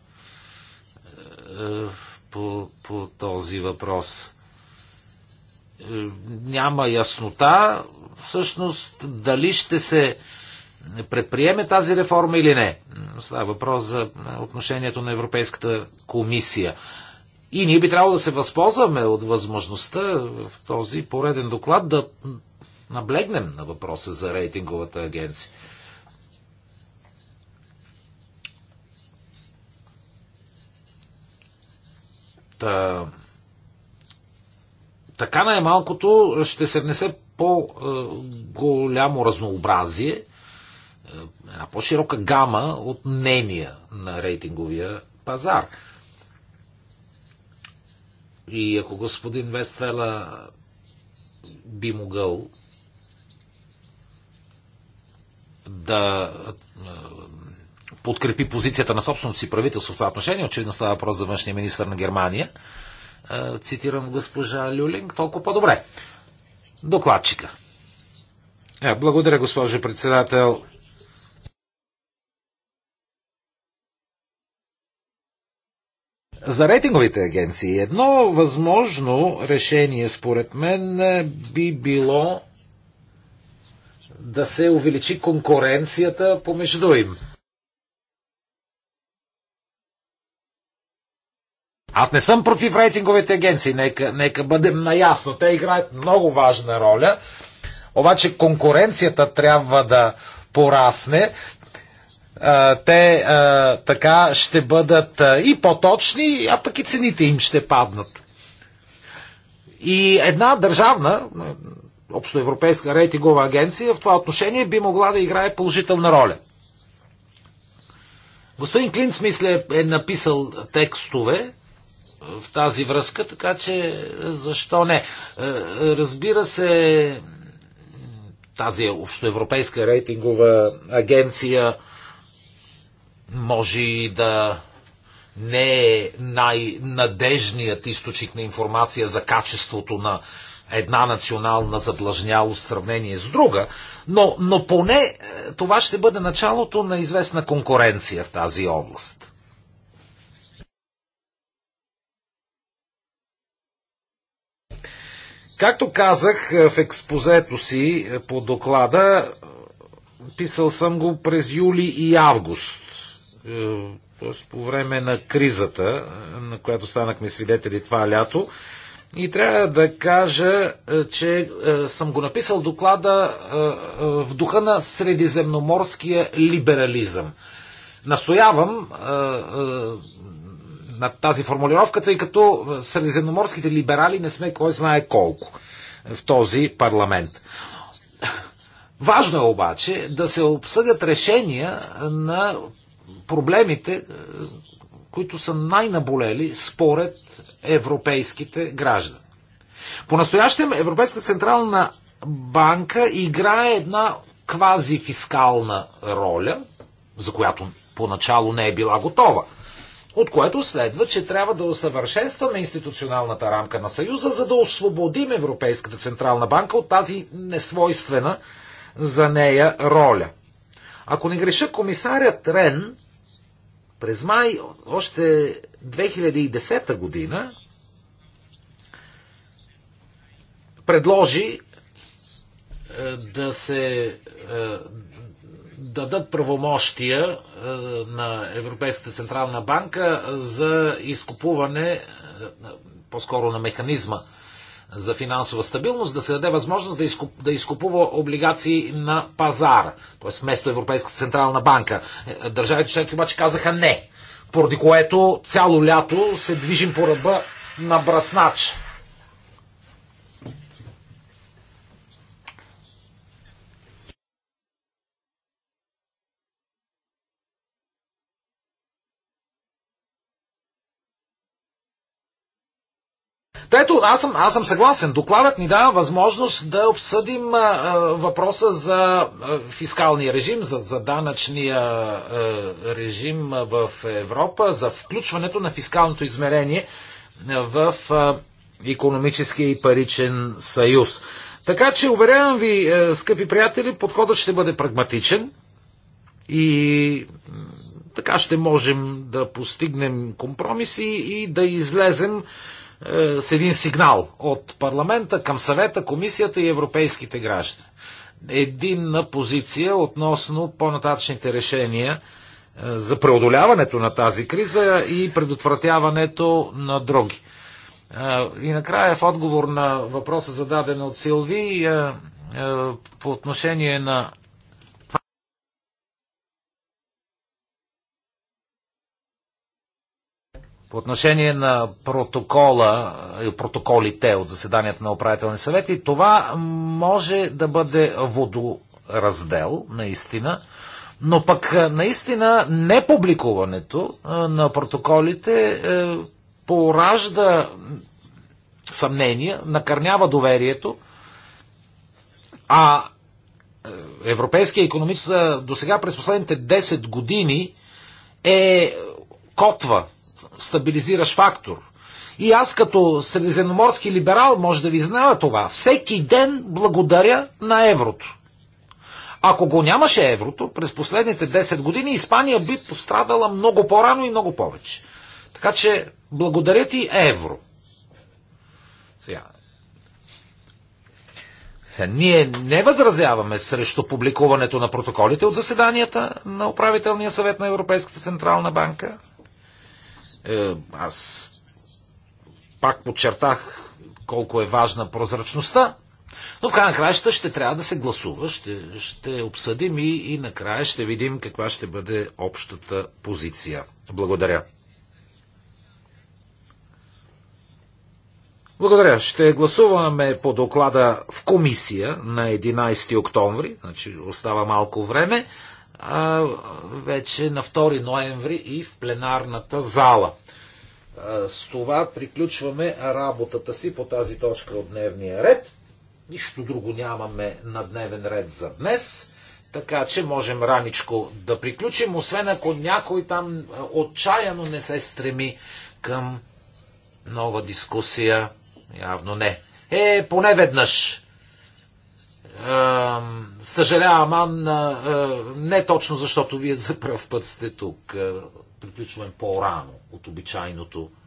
е, по, по този въпрос. Е, няма яснота всъщност дали ще се предприеме тази реформа или не. Става въпрос за отношението на Европейската комисия. И ние би трябвало да се възползваме от възможността в този пореден доклад да наблегнем на въпроса за рейтинговата агенция. Та, така най-малкото ще се внесе по-голямо разнообразие, е, една по-широка гама от мнения на рейтинговия пазар. И ако господин Вествела би могъл да е, подкрепи позицията на собственото си правителство в това отношение. Очевидно става въпрос за външния министр на Германия. Цитирам госпожа Люлинг. Толкова по-добре. Докладчика. Е, благодаря, госпожо председател. За рейтинговите агенции едно възможно решение, според мен, би било да се увеличи конкуренцията помежду им. Аз не съм против рейтинговите агенции, нека, нека бъдем наясно. Те играят много важна роля, обаче конкуренцията трябва да порасне. Те така ще бъдат и по-точни, а пък и цените им ще паднат. И една държавна, общоевропейска рейтингова агенция в това отношение би могла да играе положителна роля. Господин Клинц, мисля, е написал текстове, в тази връзка, така че е, защо не? Е, е, разбира се, тази общоевропейска рейтингова агенция може и да не е най-надежният източник на информация за качеството на една национална задлъжнялост в сравнение с друга, но, но поне това ще бъде началото на известна конкуренция в тази област. Както казах е, в експозето си е, по доклада, е, писал съм го през юли и август, т.е. по време на кризата, на която станахме свидетели това лято. И трябва да кажа, че съм го написал доклада в духа на средиземноморския либерализъм. Настоявам на тази формулировка, тъй като средиземноморските либерали не сме кой знае колко в този парламент. Важно е обаче да се обсъдят решения на проблемите, които са най-наболели според европейските граждани. По-настоящем Европейска централна банка играе една квазифискална роля, за която поначало не е била готова – от което следва, че трябва да усъвършенстваме институционалната рамка на Съюза, за да освободим Европейската Централна банка от тази несвойствена за нея роля. Ако не греша, комисарят Рен през май още 2010 година предложи е, да се е, дадат правомощия е, на Европейската централна банка за изкупуване, е, по-скоро на механизма за финансова стабилност, да се даде възможност да, изкуп, да изкупува облигации на пазара, т.е. вместо Европейската централна банка. Е, държавите членки обаче казаха не, поради което цяло лято се движим по ръба на браснач. Ето, аз съм, аз съм съгласен. Докладът ни дава възможност да обсъдим а, въпроса за а, фискалния режим, за, за данъчния а, режим в Европа, за включването на фискалното измерение в а, економическия и паричен съюз. Така че, уверявам ви, а, скъпи приятели, подходът ще бъде прагматичен и така ще можем да постигнем компромиси и да излезем е, с един сигнал от парламента към съвета, комисията и европейските граждани. Единна позиция относно по-нататъчните решения е, за преодоляването на тази криза и предотвратяването на други. Е, и накрая в отговор на въпроса зададен от Силви по отношение на По отношение на протокола, и протоколите от заседанията на управителни съвети, това може да бъде водораздел, наистина, но пък наистина непубликуването на протоколите е, поражда съмнения, накърнява доверието, а е, Европейския економист до сега през последните 10 години е котва стабилизиращ фактор. И аз като средиземноморски либерал може да ви знае това. Всеки ден благодаря на еврото. Ако го нямаше еврото, през последните 10 години Испания би пострадала много по-рано и много повече. Така че благодаря ти евро. Сега, сега, ние не възразяваме срещу публикуването на протоколите от заседанията на управителния съвет на Европейската централна банка. Е, аз пак подчертах колко е важна прозрачността, но в край на краища ще трябва да се гласува, ще, ще обсъдим и, и накрая ще видим каква ще бъде общата позиция. Благодаря. Благодаря. Ще гласуваме по доклада в комисия на 11 октомври, значи остава малко време а вече на 2 ноември и в пленарната зала. С това приключваме работата си по тази точка от дневния ред. Нищо друго нямаме на дневен ред за днес, така че можем раничко да приключим, освен ако някой там отчаяно не се стреми към нова дискусия. Явно не. Е, поне веднъж Съжалявам, Анна, не точно защото вие за пръв път сте тук. Приключваме по-рано от обичайното